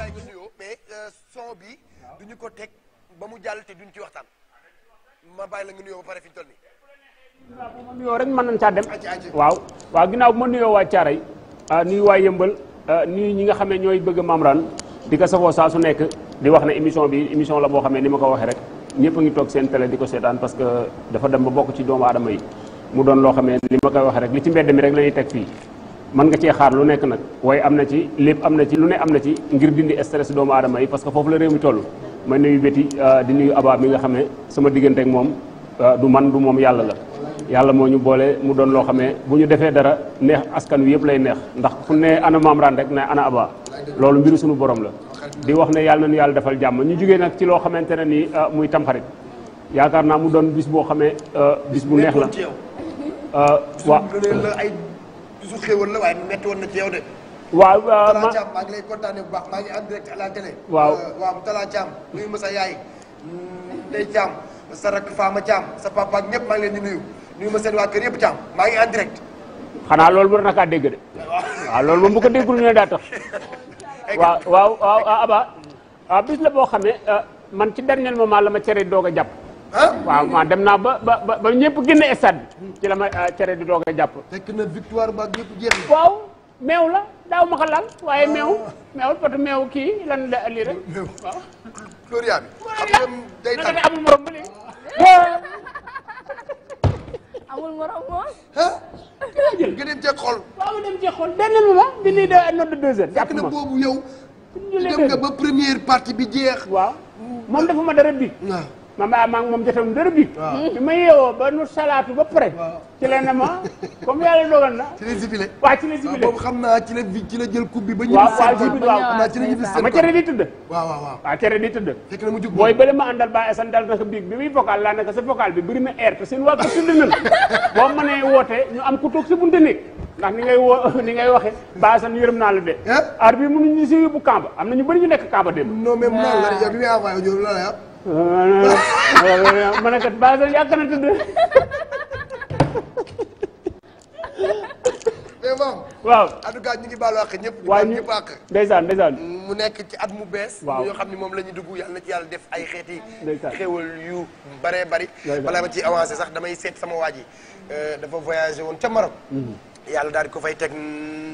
bàyyi nga nuyoo euh, bi duñu ko teg ba mu jàll te ñu ci waxtaan ma bàyyi la nga nuyoo ba pare fi ñu toll nii. waaw bu mën nañ caa dem. waaw waaw ginnaaw bu ma nuyoo waa Caaray euh, nuyu waa Yëmbal euh, nuyu ñi nga xam ne ñooy bëgg Mamran di ko safoo saa su nekk di wax ne émission bi émission la boo xam ne ni ma ko waxee rek ñëpp ngi toog seen télé di ko seetaan parce que dafa dem ba bokk ci doomu aadama yi mu doon loo xam ne ni ma koy waxee rek li ci mbedd mi rek la ñuy teg fii. mën nga cee xaar lu nekk nag waaye am na ci lépp am na ci lu ne am na ci ngir dindi stress doomu aadama yi parce que foofu la réew mi toll may nuyu béti euh, di nuyu abaa mi nga xam ne sama diggante moom euh, du man du moom yàlla la yàlla moo ñu boole mu doon loo xam ne bu ñu defee dara neex askanu wi yëpp lay neex ndax fu ne ana maam raan rek ne ana abaa loolu mbiru suñu boroom la di wax ne yàlla nañu yàlla defal jàmm ñu jugee nag ci loo xamante ne nii euh, muy tamxarit yaakaar naa mu doon bis boo xamee bis bu neex la waaw su xéwal la waaye na ci yow de. waaw ma Talla Thiam maa ngi bu baax maa ngi en direct à la télé. Euh, sa yaay. Ndeye Thiam sa rakk Fama Thiam sa papa ak ñëpp leen nuyu nuyu ma seen waa kër yëpp Thiam maa ngi en direct. xanaa loolu war na kaa dégg de. waaw loolu moom bu ko déggul ne daa tax. waaw a waaw Aba. bis la boo xam ne euh, man ci dernier moment la ma cere doog a jàpp. waaw ma dem naa ba ba ba ñëpp génn stade bi ci la ma euh, cere di doog a jàpp. fekk na victoire ba ñëpp waaw meew la daaw ma ko waaye ah. meew. meew parce que meew kii lan la lii rek. meew waaw. moom. ah. nga dem xool. waaw ma dem partie bi jeex. waaw moom dafa ma dara ma mbaa maa ngi moom jotam dër bi bi ma yeewoo ba nu salaatu ba pare ci la ne ma comme yàlla dogal na ci la sibile waaw ci la sibile boobu ci la bi ba ñibbi seen waaw ma cere di tëdd waaw waaw cere di tëdd mu jug booy bële ma àndal ba esan dal naka biig bi muy vocal laa naka sa vocal bi bëri na air te seen waa ko tëdd na boo mënee woote ñu am ku toog si bunte néeg ndax ni ngay woo ni ngay waxe ba esan yërëm naa la de ar bi mënuñu si yóbbu kamba am na ñu bëri ñu nekk kamba démb non mais mu naan ma ne kat Ba Assane yàgg na tëdd. mais moom. waaw en tout cas ñu ngi baalu àq ñëpp. waaw ñu ñëpp àq. ndeysaan ndeysaan. mu nekk ci at mu bees. waaw yoo xam ne moom la ñu dugg yàlla na ci yàlla def ay xeeti. ndeysaan xéwal yu baree bari. balaa ma ciy avancé sax damay seet sama waa ji euh, dafa voyagé woon ca Maroc. Mm-hmm. yàlla daal di ko fay teg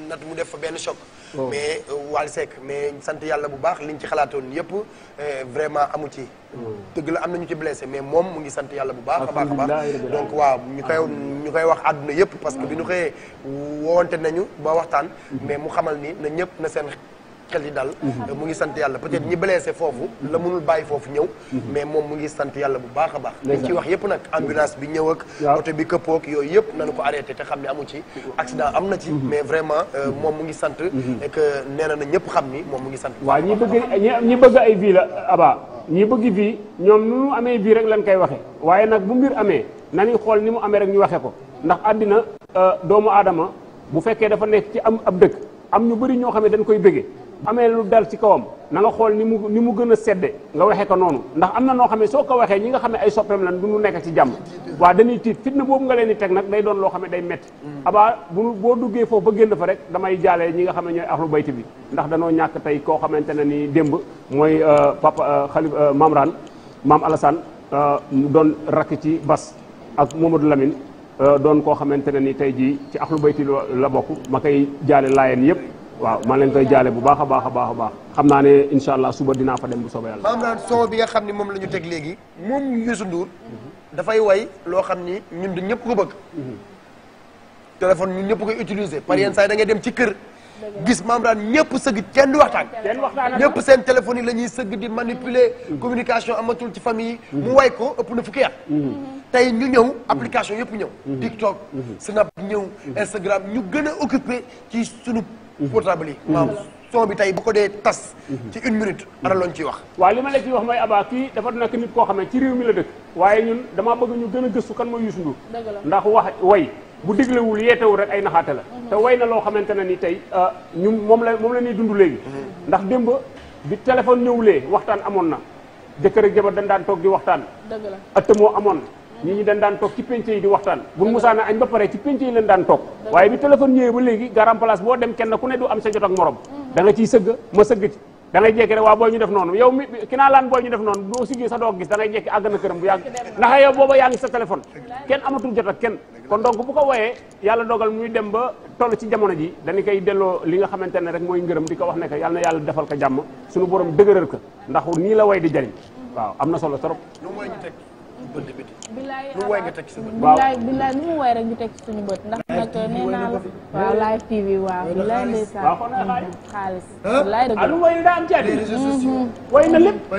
nat mu def fa benn choc. Oh. mais euh, Wally Seck mais sant yàlla bu baax liñ ci xalaatoon yëpp euh, vraiment amu ci. Oh. dëgg la am na ñu ci blessé mais moom mu ngi sant yàlla bu baax a baax a baax donc waaw ñu koy ñu koy wax àdduna yëpp parce que bi ñu xëyee woonte nañu ba waxtaan mm-hmm. mais mu xamal ni na ñëpp na seen xel yi dal mu ngi sant yàlla peut être ñi blessé foofu la mënul bàyyi foofu mais moom mu ngi sant yàlla bu baax a baax wax yëpp nag ambulance bi ñëw ak oto bi këppoo ak yooyu yëpp nañu ko arrêté te xam ne amu ci am na ci mhm. mais vraiment euh, mhm. moom mu ngi sant mhm. et que nee na na ñëpp xam ni moom mu ngi sant waa ñi bëgg ñi ay vie la aba ñi bëgg vie ñoom nu mu amee vie rek lañ koy waxe waaye nag bu mbir amee nañuy xool ni mu amee rek ñu waxe ko ndax àddina euh, doomu aadama bu fekkee dafa nekk ci am ab dëkk am ñu bëri ñoo xam ne dañ koy béggee amee lu dal ci kawam na nga xool ni mu ni mu gën a sedde nga waxee ko noonu ndax am na noo xam ne soo ko waxee ñi nga xam ne ay soppeem lan du ñu nekk ci jàmm waa dañuy tiit fitna boobu nga leen di teg nag day doon loo xam ne day metti mm. abaa bu boo duggee foofu ba génn fa rek damay jaalee ñi nga xam ne ñooy axlu bi ndax danoo ñàkk tey koo xamante ne nii démb mooy euh, papa xalif euh, euh, mamran maam Alassane doon rakk ci bas ak Mamadou lamin doon koo xamante ne nii tey jii ci axlu bayti la bokk ma koy jaale laayeen yëpp waaw maa leen koy jaale bu baax a baax a baax a baax xam naa ne incha allah suba dinaa fa dem bu soobee yàlla. maam naan soo bi nga xam ne moom la teg léegi moom Youssou Ndour dafay way loo xam ni ñun du ñëpp ko bëgg. téléphone ñun ñëpp koy utiliser. par yenn saa yi da ngay dem ci kër. gis maam daan ñëpp sëgg kenn di waxtaan ñëpp seen téléphone yi la ñuy sëgg di manipuler communication amatul ci famille yi mu way ko ëpp na fukki at tey ñu ñëw application yëpp ñëw mm-hmm. TikTok Snap ñëw mm-hmm. Instagram ñu gën a occupé ci sunu portable yi maam son bi tey bu ko dee tas ci une minute ana loon ciy wax waa li ma la ciy wax mooy Abba kii dafa nekk nit koo xam ne ci réew mi la dëkk waaye ñun damaa bëgg ñu gën a gëstu kan mooy Youssou Ndour ndax wax way bu déglewul yeetewul rek ay naxaate la mhm. te way na loo xamante ne ni tey euh, ñu moom la moom la ñuy dundu léegi mhm. ndax démb bi téléphone ñëwulee waxtaan amoon na jëkkër ak jabar dañ daan toog di waxtaan ëtt moo amoon nit ñi dañ daan toog ci penc yi di waxtaan buñ musaana añ ba pare ci penc yi lañ daan toog waaye bi téléphone ñëwee ba léegi garam place boo dem kenn ku ne du am sa jot ak morom da nga ciy sëgg ma sëgg ci da ngay jekki rek waa booy ñu def noonu yow def noonu boo siggee sa doog gis da ngay jekki àgg na këram bu yàgg ndax yow booba yaa ngi sa téléphone kenn amatul jot ak kenn kon donc bu ko woyee yàlla dogal muy dem ba toll ci jamono ji dañu koy delloo li nga xamante ne rek mooy ngërëm di ko wax ne que yàlla yàlla defal ko jàmm suñu borom dëgëral ko ndax nii la way di jariñ waaw am na solo bët bi lu woy nga teg ci sa bët. suñu bët ndax nag nee naa la waaw live TV waaw bilaay ndeysaan xaalis mm, bilaay dëgg lu woy daa am jaay woy na lépp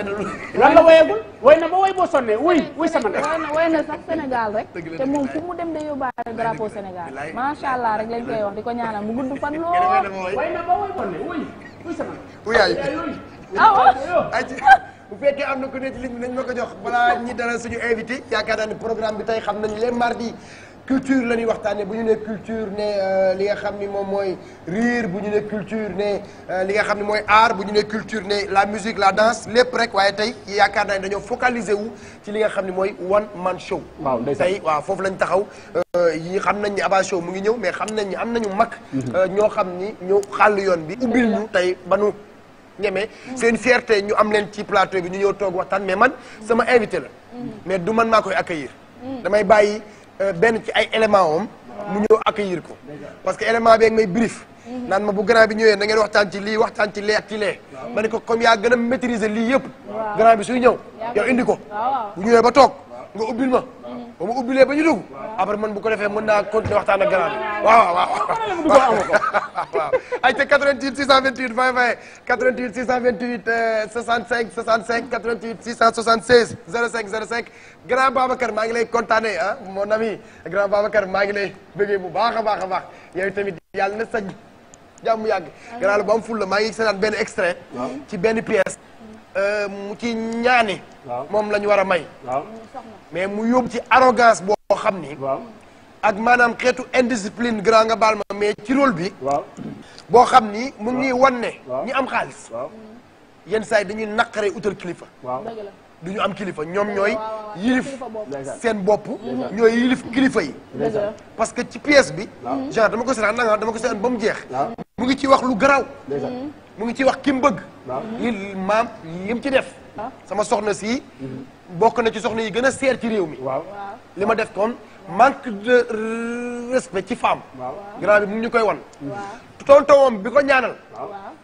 lan la woyagul woy na ba woy boo sonnee wuy wuy sama ndax na sax Sénégal rek te moom fu mu dem day yóbbaale drapeau Sénégal macha rek lañ koy wax di ko ñaanal mu gudd fan loo bu fekkee am na ku ne ci ligne bi ko jox balaa ñi dara suñu invité yaakaar naa ne programme bi tey xam nañ leen mardi culture la ñuy waxtaanee bu ñu ne culture ne euh, li nga xam ni moom mooy rire bu ñu ne culture ne euh, li nga xam ne mooy art bu ñu ne culture ne la musique la danse lépp rek waaye tey yaakaar naa ne dañoo focaliser wu ci li nga xam ne mooy one man show. waaw tey waa foofu lañ taxaw. Euh, yi xam nañ ni Abba Show mu ngi ñëw mais xam nañ ni am nañu mag. Mhm. ñoo xam ni ñoo xàll yoon bi. ubbil ñu ñeme seen fierté ñu am leen ci plateau bi ñu ñëw toog waxtaan mais man sama invité la mais du man maa koy accueillir damay bàyyi euh, benn ci ay élément om mu ñëw accueillir ko parce que élément beeg may brief naan ma bu grand bi ñëwee na ngeen waxtaan ci lii waxtaan ci lee ak ma ne ko comme yaa gën a maîtriser lii yëpp grand bi suy ñëw yow indi ko bu ñëwee ba toog nga ubbil ma ba mu ubbilee ba ñu dugg après man bu ko defee mën naa continuer waxtaan ak grand bi waaw waaw waaw waaw ay te 88 628 20 20 88 628 65 65 88 676 05 05 grand Babacar maa ngi lay kontaanee ah mon ami grand Babacar maa ngi lay bëggee bu baax a baax a baax yow tamit yàlla na sañ jàmm yàgg grand la bu am ful la maa ngi seetaan benn extrait ci benn pièce Euh, mu ci ñaani moom la ñu war a may mais mu yóbbu ci arrogance boo xam ni ak maanaam xeetu indiscipline grand nga baal ma mais ci rôle bi boo xam ni mu ngi wan ne ñi am xaalis yenn saa yi dañuy naqare utal kilifa du ñu am kilifa ñoom ñooy yilif seen bopp ñooy yilif kilifa yi parce que ci pièce bi genre dama ko seetaan nanga dama ko seetaan ba mu jeex mu ngi ci wax lu garaaw mu ngi ci wax ki mu bëgg. li maam yim ci def. sama soxna si. bokk na ci soxna yi gën a seer ci réew mi. li ma def koon manque de respect ci femme. grand bi mu ñu koy wan. tonton bi ko ñaanal.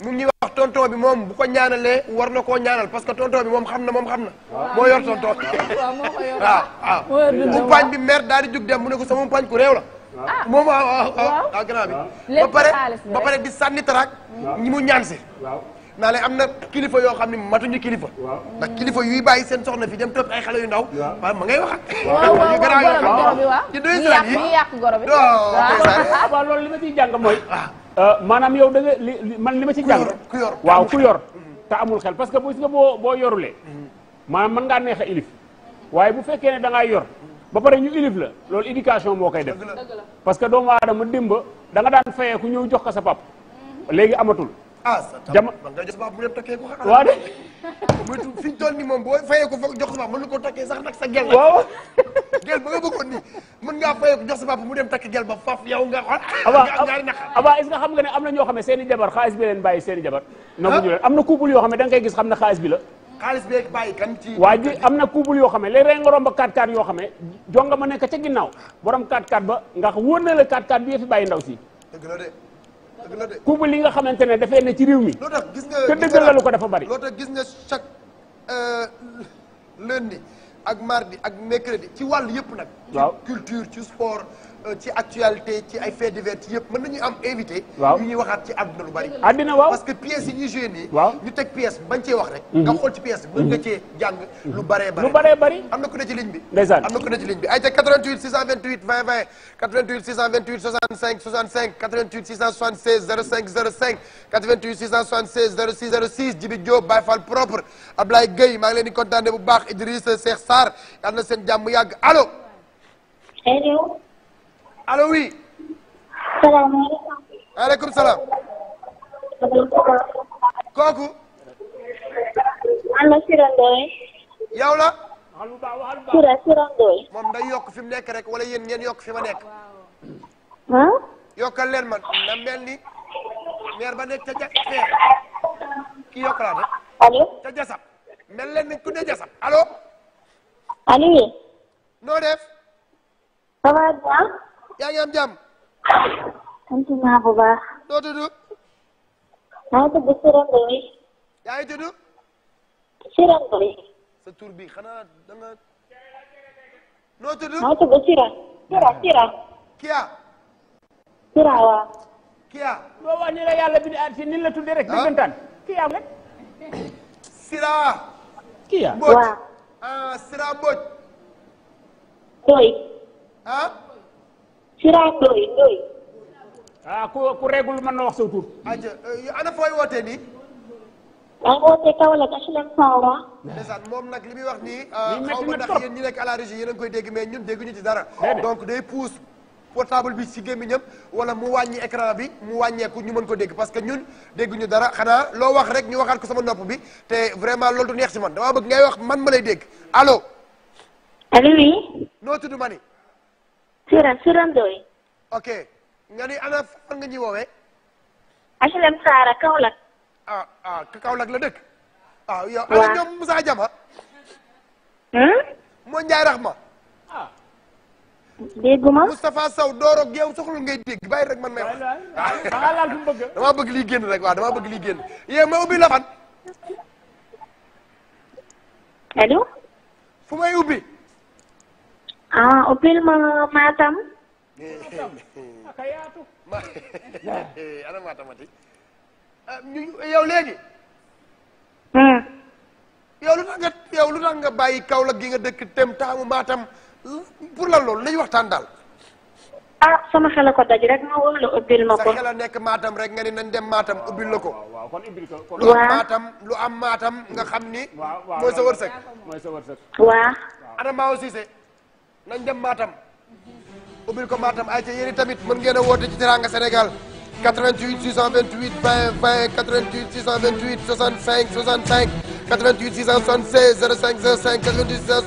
mu ngi wax tonton moom bu ko ñaanalee war na koo ñaanal parce que tonton bi moom xam na moom xam na. moo yor tonton. waaw a waaw waaw. bi mer daal di jug dem mu ne ko sama mpaañ ku réew la. ah moom waaw waaw waaw ah, ba pare ba pare di sànni taraak ñi mu ñaan si naa leen am na kilifa yoo xam ne matuñu kilifa ndax kilifa yuy bàyyi seen soxna fi dem topp ay xale yu ndaw waaw ma ngay wax ak garaaw yoo oh, li ma ciy jàng mooy ah. euh, maanaam yow da man li ma ci jàng ku yor waaw ku yor mm-hmm. te amul xel parce que bu nga boo boo yorulee mm-hmm. maanaam mën ngaa neex a ilif waaye bu fekkee ne da yor ba pare ñu ilif la loolu éducation moo koy def parce que doomu aadama dimba da nga daan fayee ku ñëw jox ko sa pap mhm. léegi amatul ah jama waaw de fi ñu toll nii moom boo fayee ko foog jox sa pap mën ko takkee sax nag sa gel waaw gel ba nga bëggoon ni mën ngaa mu dem takk gel ba faf yow nga xool ah, ñaari naqa xam nga ne am na ñoo xam ne seen i jabar xaalis bi leen bàyyi seen i jabar ah. nanguñu leen am na couple yoo xam ne da gis xam ne xaalis bi la xaalis beeg bàyyi kan ci waa ji am na kuubul yoo xam ne léeg-léeg nga romb 4-4 yoo xam ne jonga ma nekk ca ginnaaw borom 4-4 ba nga wóor na la 4-4 bi fi bàyyi ndaw si dëgg la de dëgg kuubul li nga xamante ne dafa ne ci réew mi loo tax gis nga te dëggal la ko dafa bari loo tax gis nga chaque euh, lundi ak mardi ak mercredi ci wàll yëpp nag waaw culture ci sport Euh, ci actualité ci ay faits divers yëpp mën nañu am invité. waaw ñu ñuy waxaat ci àdduna lu bari. àddina waaw parce que pièces yi ñuy joué nii. waaw ñu teg pièce bañ cee wax rek. Mhm. nga xool ci pièce bi mën nga mhm. cee jàng. Mhm. lu baree bari lu baree bari. am na ku ne ci ligne bi. ndeysaan ci ligne bi ay ca 88 628 20 20 88 628 65 65 88 676 05 05 88 676 06 06 Djibi Diop Baye Fall propre Ablaye Gueye maa ngi leen di kontaanee bu baax Idriss Cheikh Sarr yal na alo oui. salaamaaleykum. waaleykum salaam. kooku. ana Sira Ndoye. yow la. Sira Sira Ndoye. moom day yokk fi mu nekk rek wala yéen ngeen yokk fi ma nekk. ah. yokkal leen man na mel ni. meer ba nekk ca ja fee. ki yokk laa de. allo. ca jasab. mel leen ni ku ne jasab allo. allo. noo def. ça va bien. yaa ngi am jàmm. sant naa bu baax. doo tudd. maa ngi tudd Sirène Ndoye. yaa ngi sa tur bi xanaa da nga. noo tudd. maa ngi tudd Sirène. Sirène ah. Sirène. Kia. Sirène waaw. Kia. loo wax la yàlla bi si ni la tuddee rek. ah dëggantaan Kia rek. Sira. Kia waaw. ah Sira Mbodj. Ndoye. Ah? Sira Ndoye Ndoye. ah ku ku na wax sa tur. aja euh, ana fooy wootee nii. maa ngi wootee Kaolack HLM Fawa. ndeysaan moom nag li muy wax nii. Euh, xaw ma ndax yéen ñi nekk à la régie yéen koy dégg mais ñun dégguñu ci dara. donc day pousse portable bi ci gémmiñam wala mu wàññi écran bi mu wàññeeku ñu mën ko dégg parce que ñun dégguñu dara xanaa loo wax rek ñu waxaat ko sama nopp bi te vraiment loolu du neex ci man damaa bëgg ngay wax man ma lay dégg alo allo oui. Suran Suran Ndoye. ok nga ni ana fan nga ñuy woowee. HLM Saara Kaolack. ah ah la dëkk. Ah, waaw yow ana ñoom Moussa Diama. Hmm? moo Ndiaye Rahma. ah. dégguma Moustapha Sow dooroog yow soxla ngay dégg bàyyi rek man may wax. waaw damaa bëgg rek waaw damaa bëgg liy génn ma ubbi la fan. allo. fu may ubbi. Ah, upil mga matam. Kaya léegi. yow lu tax nga yow lu tax bàyyi Kaolack gi nga dëkk tem taamu maatam pour la lool lañu waxtaan daal. ah sama xel ko daj rek ma wóor la ma ko. nekk maatam rek nga ni nañ dem maatam ubbil la ko. waaw lu am maatam lu am maatam nga xam ni. mooy sa wërsëg. mooy sa nañ dem Matam ubbil ko Matam ay ca yéen tamit mën ngeen a woote ci Teranga Sénégal 88 628 20 20 88 628 65 65 88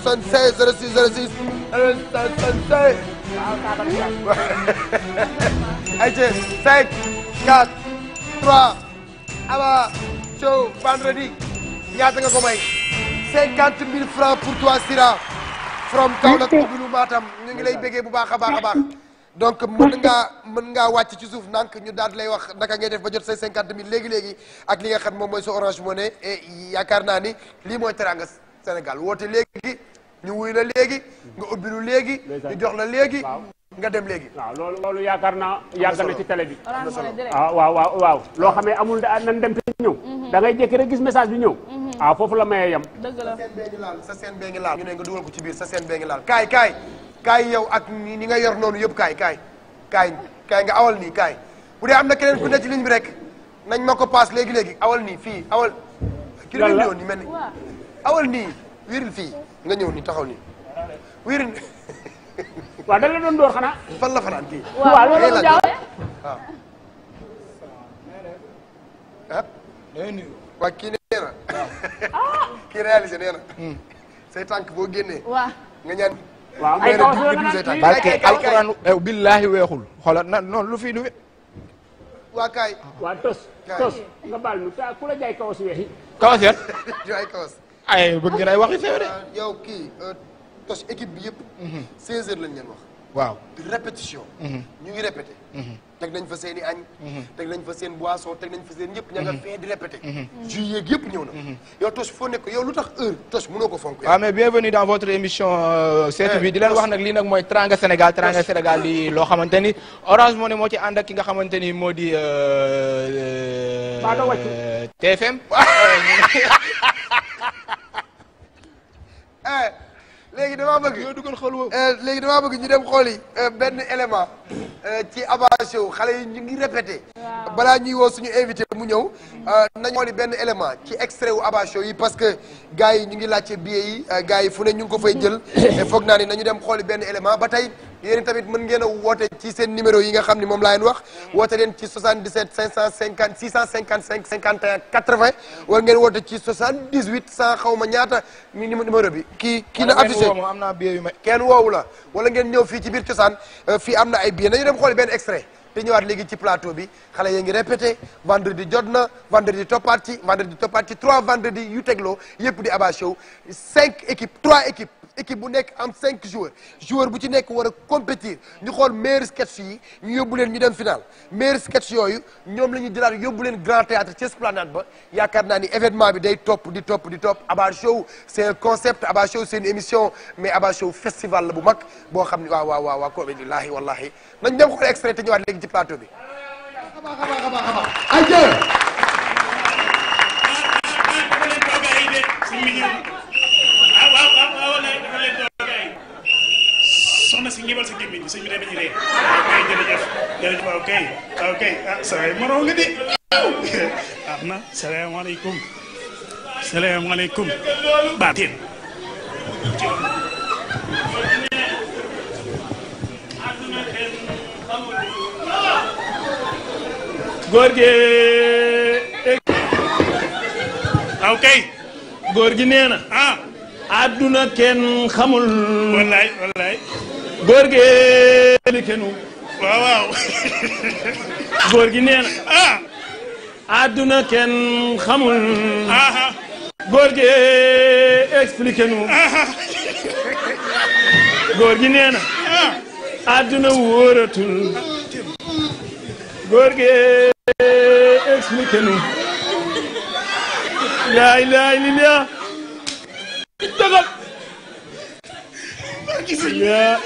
676 05 05 88 676 06 06 676. waaw Saba Diagne. ay ca 5 4 3 Aba Thiaw vendredi ñaata nga ko may. 50 000 francs pour toi Sira. from Kaolack Mobilu Matam ñu ngi lay béggee bu baax a baax a baax donc mën ngaa mën ngaa wàcc ci suuf ndànk ñu daal di lay wax naka ngay def ba jot say cinquante mille léegi-léegi ak li nga xam moom mooy sa Orange Money et yaakaar naa ni lii mooy teranga Sénégal woote léegi ñu wuy la léegi nga ubbilu léegi ñu jox la léegi nga dem léegi waaw loolu loolu yaakaar naa yàgg na ci télé bi ah, waaw waaw waaw loo xamee amul da ah, nan dem ñëw mhm. da ngay jékki rek gis message bi ñëw ah foofu la maye yam. dëgg sa seen bee ngi laal sa seen bee ngi laal. ñu ne nga dugal ko ci biir sa seen bee ngi laal kaay kaay kaay yow ak ni nga yor noonu yëpp kaay kaay kaay kaay nga awal nii kaay bu dee am na keneen ku ne ci ligne bi rek nañ ko paas léegi léegi awal nii fii awal. ki la ñëw ni mel ni awal nii wiiril fii nga ñëw ni taxaw nii wiiril. waaw dañ la doon door xanaa. fan la fanaan kii. waaw la jaaw kii ne. Ah. kii réalisé nee na. Hmm. say tànk boo génnee. waaw nga ñaan. waaw ay kaw say tànk eh, weexul xoolal na lu fi lu. waa kaay. waa tos tos nga baal mu ku la jaay kawas weex yi. kawas yan. jaay kawas. ay bëgg ngeen ay waxi sew euh, équipe bi yëpp. 16 mhm. heures lañ leen wax. waaw di répétition mhm. ñu ngi répété mhm. teg nañ fa seen i añ mhm. teg nañ fa seen boisson teg nañ fa seen yëpp ña nga fee di répété juillet gi yëpp ñëw na yow Toch foo nekk yow lu tax heure Toch mënoo ko fonk waaw mais bienvenue dans votre émission euh, seetu bi eh, di leen wax nag lii nag mooy Teranga Sénégal Teranga Sénégal di loo xamante ni Orange Money moo ci ànd ak ki nga xamante ni moo di euh, euh, TFM eh, léegi damaa bëgg ñoo dugal xool woowu euh, léegi damaa bëgg ñu dem xool euh, benn élément euh, ci Abba Show xale yi ñu ngi répété balaa ñuy woo suñu invité mu ñëw nañu xooli benn élément ci extrait wu Abba yi parce que gars yi ñu ngi laajte billets yi gars yi fu ne ñu ngi ko fay jël foog naa ni nañu dem xooli benn élément ba tey yéen tamit mën ngeen a woote ci seen numéro yi nga xam ni moom laa leen wax woote leen ci 77 550 655 51 80 wala ngeen woote ci 78 100 xaw ma ñaata mi numéro bi kii kii na affiché am naa billet yu may kenn woowu la wala ngeen ñëw fii ci biir cosaan euh, fi am na ay billet nañu dem xool benn extrait te ñëwaat léegi ci plateau bi xale yaa ngi répété vendredi jot na vendredi toppaat ci vendredi toppaat ci trois vendredi yu tegloo yëpp di Abba Show cinq équipes trois équipes équipe bu nekk am cinq joueurs joueur bu ci nekk war a compétir ñu xool meilleurs sketch yi ñu yóbbu leen ñu dem final meilleurs sketch yooyu ñoom la ñuy yóbbu leen grand théâtre ci esplanade ba yaakaar naa ni événement bi day topp di topp di topp Abba Show c' est un concept Abba Show c' une émission mais Abba Show festival la bu mag boo xam ne waaw waaw waaw waaw ko laahi wallahi nañ dem xool extrait te ñëwaat léegi ci plateau bi. xabaar xabaar soxna si ñëbal sa gémmiñ bi sëñ bi day dañuy ree waaw kay jërëjëf jërëjëf ah, ah, na ah, salaamaaleykum salaamaaleykum baatin góor gi waaw kay góor gi nee ah àdduna kenn xamul góor gi likenu waaw waaw góor gi nee na ah àdduna kenn xamul aha góor gi expliqué nu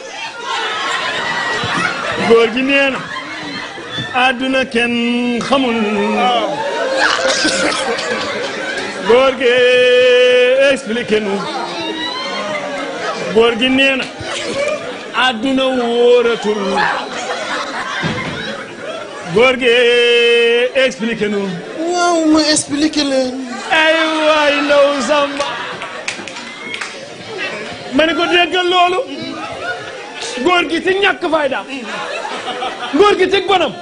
góor gi nee na kenn xamul góor gi expliqué gi nee na àdduna wóoratul góor gi expliqué nu waaw ma expliqué leen ay law samba ma ne ko déggal góor gi ci ñàkk fayda góor gi ci bonam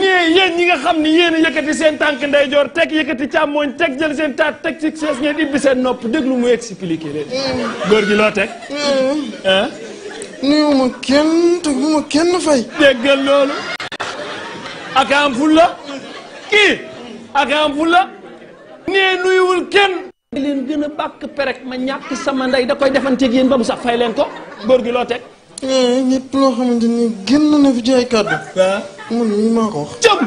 ñee yéen ñi nga xam ni yéen a seen tànk ndeyjoor teg yëkkati càmmooñ teg jël seen taat teg ci sees ngeen ibbi seen nopp déglu mu expliqué leen. Mm. góor gi loo te mm. kenn fay. déggal loolu. ak am fulla kii. ak am fulla nee nuyuwul kenn. leen gën a bàkk perek ma ñàkk sama ndey da koy defanteeg yéen ba mu sax fay leen ko. góor gi loo teg. Eh, nit loo xamante ni génn na fi ci ay kàddu. waaw ah. man mii maa ko wax. jëm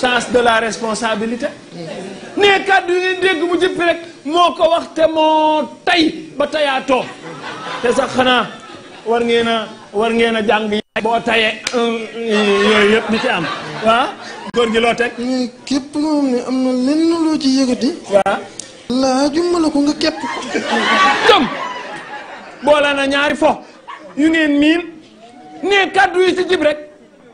chance de la responsabilité. nee kàddu yi ngeen dégg mu jëpp rek moo ko wax te moo tay ba tayaatoo te sax xanaa war ngeen a war jàng boo tayee euh, yooyu yëpp di ci am waaw ah, góor gi loo teg. mais képp loo ne am na lenn loo ci yëkkati. waaw ah. laajuma la ko nga képp ko. jëm. boole na ñaari fo yu ngeen miin ne kaddu yi ci rek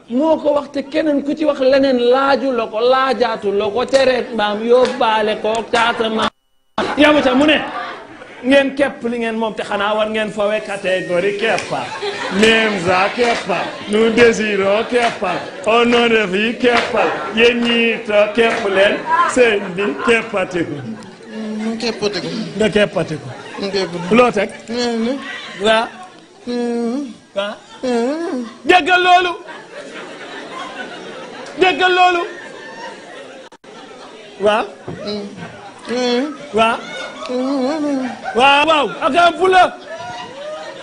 moo ko wax te keneen ku ci wax leneen laaju la ko laajaatu la ko tereet mbaam yóbbaale ko caata maam yamu mu ne ngeen kepp li ngeen moom te xanaa war ngeen fawe catégorie keppa Memza keppa nous désirons keppa au nom keppa yéen ñii loo teg. waaw. waaw. déggal loolu. déggal waaw. waaw. waaw waaw ak am fula.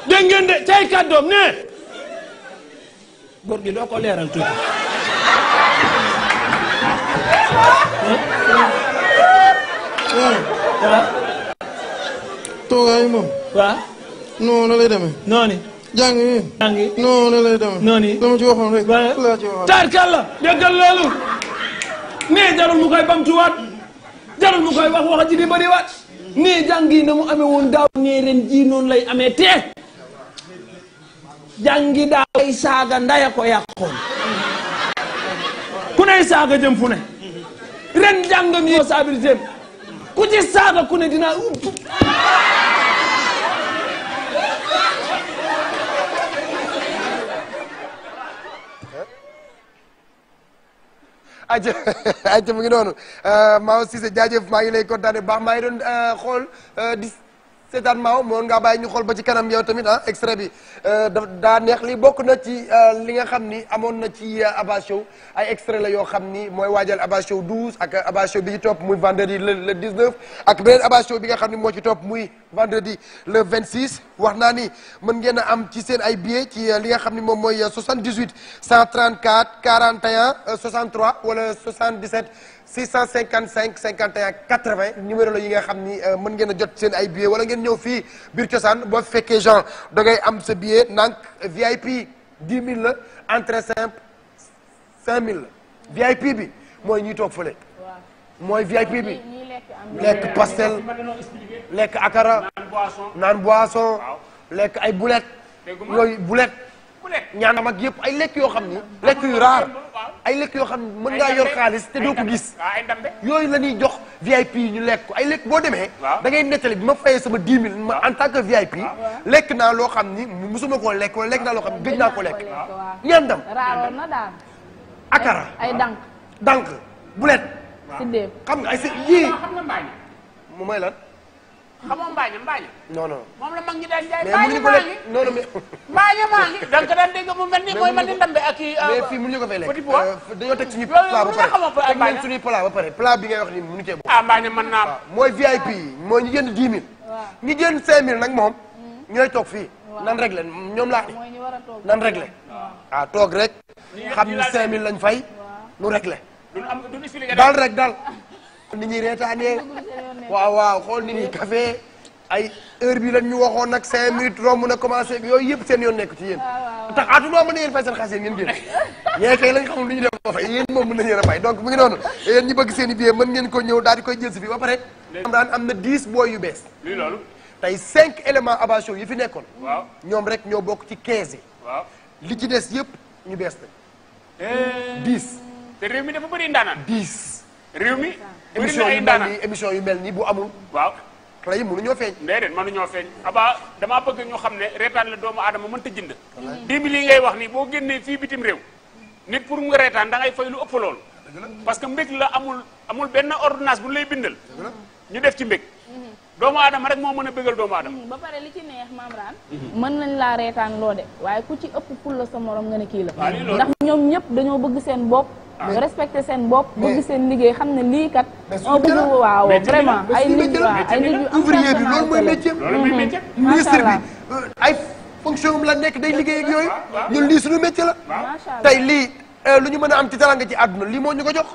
dégg ne. góor gi doo ko leeral tuuti. waaw. toogaayu moom. waaw. non la lay demee. noonu. jàng yi. jàng lay demee. noonu dama waxoon rek. laa ci waxoon tarkal la jarul mu koy bamtuwaat jarul mu koy wax wax ji di bëriwaat. nii jàng yi mu amee woon daaw. nee ren jii lay amee tee. jàngi daaw saaga ndaya ko yàqoon. ku ney saaga jëm fu ne. ren jàngam yi responsabilité ku ci saaga ku ne dinaa ubbi aja aja mu ngi noonu euh, Mao Cissé jaajëf maa ngi lay kontaane baax maa ngi doon euh, xool euh, di seetaan maaw moo ngaa bàyyi ñu xool ba ci kanam yow tamit ah extrait bi euh, daa neex li bokk na ci euh, li nga xam ni amoon na ci euh, Abba Show ay extrait la yoo xam ni mooy waajal Abba Show 12 ak Abba Show bi ci topp muy vendredi le le 19 ak beneen Abba Show bi nga xam ni moo ci topp muy vendredi le 26 wax naa ni mën ngeen a am ci seen ay billets ci li nga xam ni moom mooy 78 134 41 63 wala 77. cent cinquante cinquante cinq a 51 80 numéro la yi nga xam ni euh, mën ngeen a jot seen ay billets wala ngeen ñëw fii biir cosaan boo fekkee Jean dangay am sa billet nank VIP 10 mille la entrée simple 5 000 la VIP bi mooy ñuy toog fële. mooy VIP bi lekk pastel lekk akara naan boisson lekk ay boulettes yooyu boulettes. ñaanam ak yëpp ay lekk yoo xam ni lekk yu raar ay lekk yoo xam ni mën ngaa yor xaalis te doo ko gis yooyu la ñuy jox VIP yi ñu lekk ko ay lekk boo demee da ngay nettali bi ma fayee sama 10 000 ma en tant que VIP lekk naa loo xam ni musuma koo lekk wala lekk naa loo xam ni gëj naa ko lekk ñaan dam raaroon na daal akara ay dànk dànk bulet xam nga ay sa yii mu may lan xamoo mbaaña mbaaña non non moom la mag ñi daan jaay mbaaña maa ngi non non mais mbaaña maa ngi mu mel i mais euh, ko fay euh, dañoo teg suñu plat ba pare teg bi ngay wax ni mënu cee bokk ah mbaaña mën naa am mooy VIP yi mooy ñu jënd 10 000 ñu jënd 5 000 nag moom hmm. ñooy toog fii nan réglé ñoom laa nan réglé ah toog rek xam ni 5 000 lañ fay nu réglé daal rek daal ni ñuy reetaanee waaw waaw xool ni ñi café ay heure bi lan ñu waxoon nag cinq minutes romb na commencé yooyu yëpp seen yoon nekk ci yéen tax atu noo mën na yéen fay seen xas yéen ngeen génn ñee lañ xamul lu ñu def moo fay yéen moom mën nañ leen a fay donc mu ngi noonu yéen ñi bëgg seen i billet mën ngeen ko ñëw daal di koy jël fii ba pare am na dix booy yu bees tey cinq éléments Abba Show yi fi nekkoon ñoom rek ñoo bokk ci quinze li ci des yëpp ñu bees na eh. dix te réew mi dafa bëri ndaanaan dix réew mi bëri na ay ndaanaan émission yu mel nii bu amul. waaw xale yi mënuñoo feeñ. déedéet ñoo feeñ abaa damaa bëgg ñu xam ne reetaan la doomu aadama mënta jënd. démb lii ngay wax nii boo génnee fii bitim réew. nit pour mu reetaan da ngay fay lu ëpp loolu. parce que mbég la amul amul benn ordonnance bu lay bindal. ñu def ci mbég. Mhm. doomu aadama rek moo mën a bëggal doomu aadama. Mhm, ba pare li ci neex maam raan mhm. mën nañ laa reetaan loo de waaye ku ci ëpp ful la sa morom nga ne kii la. ndax ñoom ñëpp dañoo bëgg seen bopp Ah. respecté seen bopp. bëgg seen liggéey xam ne lii kat. on bëgg waaw vraiment ay nit waaw ay nit yu ouvrier bi loolu mooy métier. loolu mooy métier. ministre bi euh, ay fonction la nekk day liggéey ak yooyu. ñun lii suñu métier la. tey lii. Eh, lu ñu mën a am ci teranga ci àdduna lii moo ñu ko jox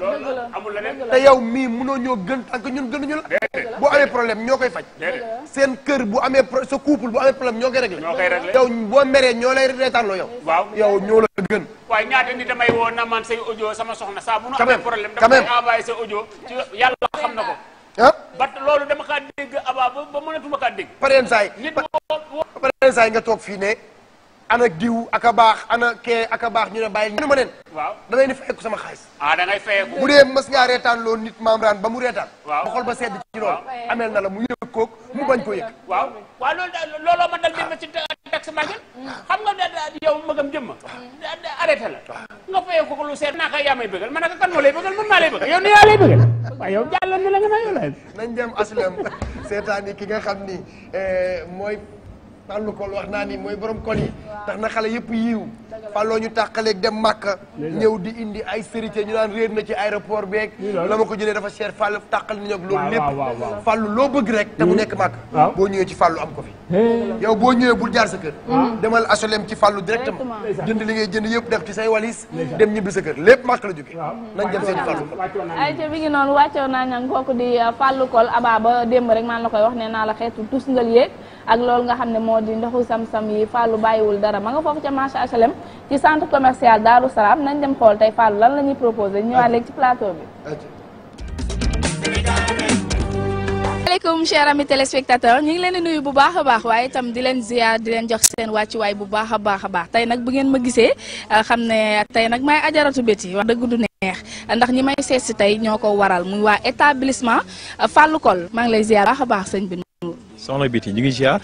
te yow mii mënoo ñoo gën tànk ñun gënuñu la boo amee problème ñoo koy faj seen kër bu amee sa couple bu amee problème ñoo koy réglé yow boo meree ñoo lay reetaanloo yow waaw yow ñoo la gën waaye ñaata nit damay woo na man say audio sama soxna saa bu nu amee problème damay envoyé say audio ci yàlla na ko ah ba loolu dama kaa dégg aba ba mënatuma kaa dégg pareen saay pareen saay nga toog fii ne ana diw ak a baax ana kee ak a baax ñu ne bàyyi ñu ma leen waaw da ngay ni fayeeku sama xaalis ah da bu dee mas ngaa reetaan loolu nit membrane ba mu reetaan waaw ba xol ba sedd ci loolu ameel na la mu yëg koog mu bañ koo yëg waaw waaw loolu looloo ma dal ma ci tax magal xam nga yow magam ko ko yaa may bëggal man naka kan moo lay bëggal man maa lay bëggal yow ni yaa lay bëggal waaye yow jàll na la nga ma yow la nañ dem aslem seetaan ki nga xam ni eh, mooy fàllu kol wax naa ni mooy borom kol yi tax na xale yëpp yiiw fàlloo ñu tàqaleeg dem màkka ñëw di indi ay sérité ñu naan réer na ci aéroport beeg la ma ko jëlee dafa cher fàllu tàqal ni ñoog loolu lépp fàllu loo bëgg rek te hmm. nekk màkka boo ñëwee ci fàllu am ko fi yow boo ñëwee bul jaar sa kër hmm. Hmm. demal asolem ci fàllu directement jënd li ngay jënd yëpp def ci say walis dem ñibbi sa kër lépp màkk la jóge nañ dem seen fàllu ay ci bi ngi noonu wàccoo naa ñan di uh, fàllu kol ababa démb rek maa la koy wax ne naa la xeetu tusngal ak loolu nga xam ne moo di ndoxu sam-sam yi Fallou bàyyiwul dara ma nga foofu ca marché HLM ci centre commercial Daaru Salaam nañ dem xool tey Fallou lan la ñuy proposé ñëwaat léegi ci plateau bi maaleykum chers amis téléspectateurs ñu ngi leen nuyu bu baax a baax waaye itam di leen ziar di leen jox seen wàccuwaay bu baax a baax a baax tey nag bu ngeen ma gisee xam ne tey nag maay ajaratu bét yi wax dëgg du ne ndax ñi may seet si tey ñoo ko waral muy waa établissement euh, Fallou Coll maa ngi lay ziar a baax sëñ bi Nour. soxna Biti ñu ngi ziar.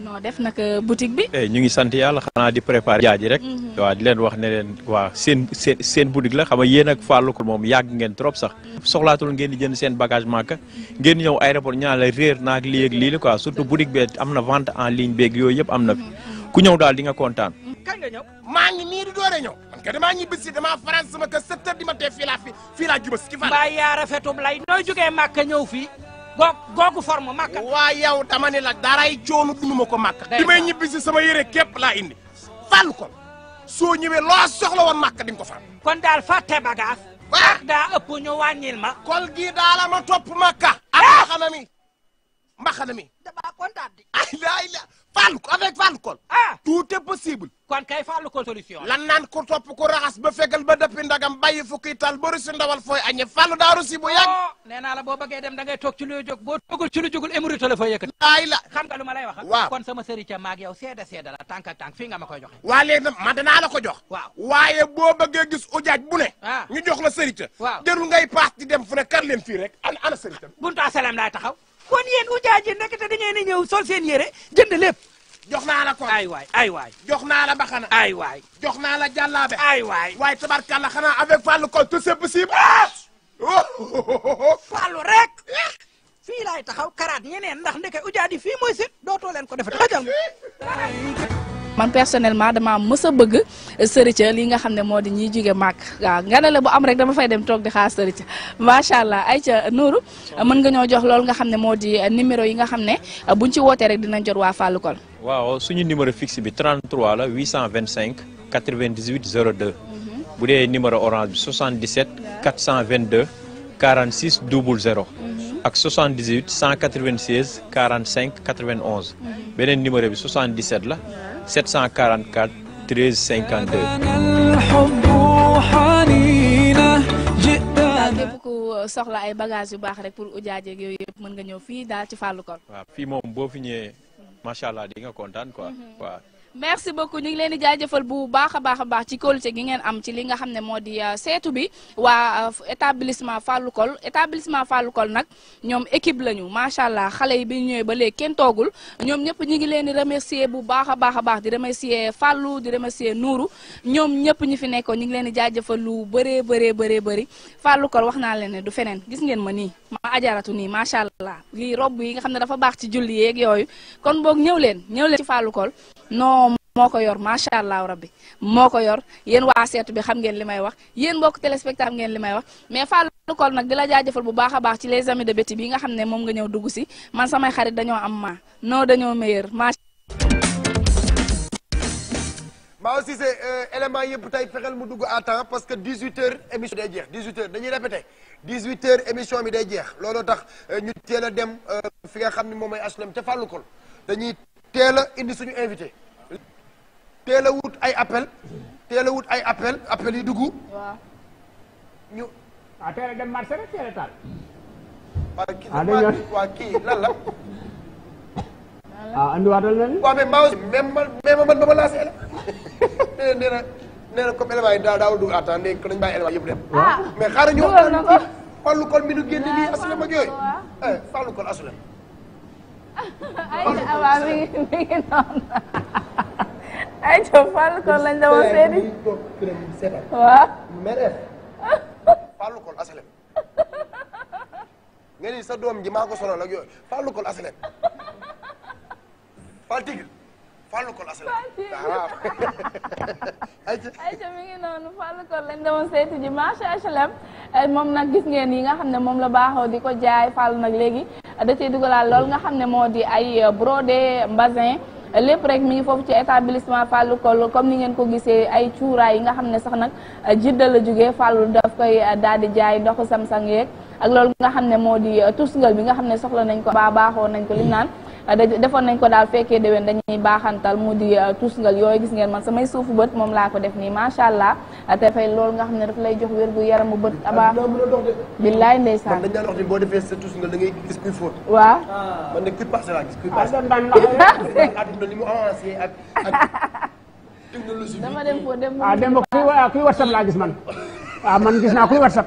non def nag euh, boutique bi. Eh, ñu ngi sant yàlla xanaa di préparer jaaji rek. Mhm. waa di leen wax ne leen waa seen seen seen boutique la xam nga yéen ak Fallou Coll moom yàgg ngeen trop sax. soxlaatul ngeen di jënd seen bagage màkk ngeen ñëw aéroport ñaa la réer naag lii ak lii la quoi surtout boutique bi am na vente en ligne beeg yooyu yëpp am na mhm. ku ñëw daal di nga kontaan. Mhm. kan maa ngi nii di doore ñëw man ka damaa ñibbi si damaa France sama kër di ma tee fii laa fi fii laa jubas ci fan mbaa lay nooy jógee màkka ñëw fii goog googu forme màkka waa yow dama ne la daray coonu dunu ma ko màkka di may ñibbi si sama yére képp laa indi fàllu ko soo ñëwee loo soxla woon màkka di nga ko fa kon daal fàtte bagage waa daa ëpp ñu wàññil ma kol gii daala ma topp màkka ah! ak mbaxana mi mbaxana mi damaa kontaan fàllu ko avec fàllu ko. ah tout est possible. kon kay fàllu ko solution. lan naan ku topp ku raxas ba fegal ba dëppi ndagam bàyyi fukki ba rusi ndawal fooy añe fàllu daa rusi bu yàgg. Oh, nee naa la boo bëggee dem da ngay toog ci lu jóg boo toogul ci lu jógul émirito la fa yëkkati. ay la xam nga lu ma wax. waaw kon sama sëriñ maag yow seeda seeda la tànk ak tànk nga ma koy joxe. waa léegi nag man danaa la ko jox. waaw waaye boo bëggee gis ujaaj bu ne. Ah. jox la sëriñ ca. waaw jarul ngay paas di dem leen fii rek ana ana sëriñ taxaw kon yéen ujaaj yi nekk te da ngeen di ñëw sol seen yére jënd lépp. jox naa la kon ay waay ay waay jox naa la baxana ay waay jox naa la jàllaabe ay waay waaye tabarkàlla xanaa avec Fallou kon tout c'est possible Fallou fii laay taxaw karaat ñeneen ndax ndeke ujaaj yi fii mooy sit dootoo leen ko defe xajal man personnellement dama mës a bëgg sëricë lii nga xam ne moo di ñuy jóge màgg waaw nga ne la bu am rek dama fay dem toog di xaar sëricë macha allah ayca Nourou mën nga ñoo jox loolu nga xam ne moo di numéro yi nga xam ne buñ ci wootee rek dinañ jot waa Falloukolle waaw suñu numéro fixe bi 33 la 825 98 02 bu dee numéro orange bi vingt 77 422 46 00 ak 78 196 45 91 beneen numéro bi 77 la 744 13 52. waaw képp ku euh, soxla ay bagages yu baax rek pour ujaajeeg yooyu yëpp mën nga ñëw fii daal ci Fallou Koll. waaw fii moom boo fi ñëwee macha allah di kontaan quoi mhm. waaw. merci beaucoup ñu ngi leen di jaajëfal bu baax a baax a baax ci kóolute gi ngeen am ci li nga xam ne moo di euh, seetu bi waa euh, établissement Fallou Col établissement Fallou Col nag ñoom équipe lañu macha allah xale yi bi ñu ñëwee ba léegi kenn toogul ñoom ñëpp ñu ngi leen di remercier bu baax a baax a baax di remercier Fallou di remercier Nourou ñoom ñëpp ñi fi nekkoon ñu ngi leen di jëfal lu bëree bëree bëree bëri Fallou Col wax naa leen ne du feneen gis ngeen ma ni ma ajaratu nii macha allah lii robb yi nga xam ne dafa baax ci julli yeeg yooyu kon boog ñëw leen ñëw leen ci moo ko yor macha allah rabbi moo ko yor yéen waa seetu bi xam ngeen li may wax yéen mbokk téléspectateur ngeen li may wax mais Fallou Coll nag di la jaajëfal bu baax a baax ci les amis de Béti bi nga xam ne moom nga ñëw dugg si man samay xarit dañoo am ma non dañoo meilleur macha maa aussi c'est euh, élément yëpp tey fexeel mu dugg à temps parce que 18h émission day jeex 18h dañuy répété 18h émission bi day jeex looloo tax euh, ñu teel a dem euh, fi nga xam ne moom mooy HLM ca Fallou Coll dañuy a indi suñu invité. teel a wut ay appel teel a ay appel appel yi dugg. waaw ñu. ah teel a dem marché rek teel a taal. waa kii ah, lan la. ah andiwaatal na ni. waaw mais man même ba ma lancé la. nee na nee na comme élément yi daaw daawul dugg à temps léegi dañu bàyyi yëpp dem. Ah, mais xaaral ñu. xool na kol mi nu génn nii ah, asulem ak yooyu. eh kol asulem. ay waaw mi ngi mi noonu. ay ca Fallou Kolle lañ demoon seeti. waaw. Fallou Kolle asalem. nga ni sa doom ji maa ko sonal ak yooyu Fallou Kolle asalem. Fall Tigre. Fallou Kolle asalem. waaw. ayca mi ngi noonu Fallou Kolle lañ demoon seeti ji marché HLM moom nag gis ngeen yi nga xam ne moom la baaxoo di ko jaay Fallou nag léegi da cee dugalaal lool nga xam ne moo di ay eh, brodé mbasin. lépp rek mi ngi foofu ci établissement Fallou Koll comme ni ngeen ko gisee ay cuuraay yi nga xam ne sax nag jidda la jógee Fallou daf koy eh, daal di jaay ndoxu samsang yeeg ak loolu nga xam ne moo di eh, tusngal bi nga xam ne soxla nañ ko baa baaxoo nañ ko li naan defoon nañ ko daal fekkee déwén dañuy baaxantal mu di euh, tusngal yooyu gis ngeen man samay suufu bët moom laa ko def nii macha allah ah, te fay loolu nga xam ne daf lay jox wér gu yaramu bët aba ah, billaay ndeysaan man dañ daan wax ni boo defee sa tusngal da ngay gis ah. kuy fóot waaw man nag kuy passé laa gis kuy passé dama dem foo dem ba kuy whatsapp laa gis man waaw man gis naa kuy whatsapp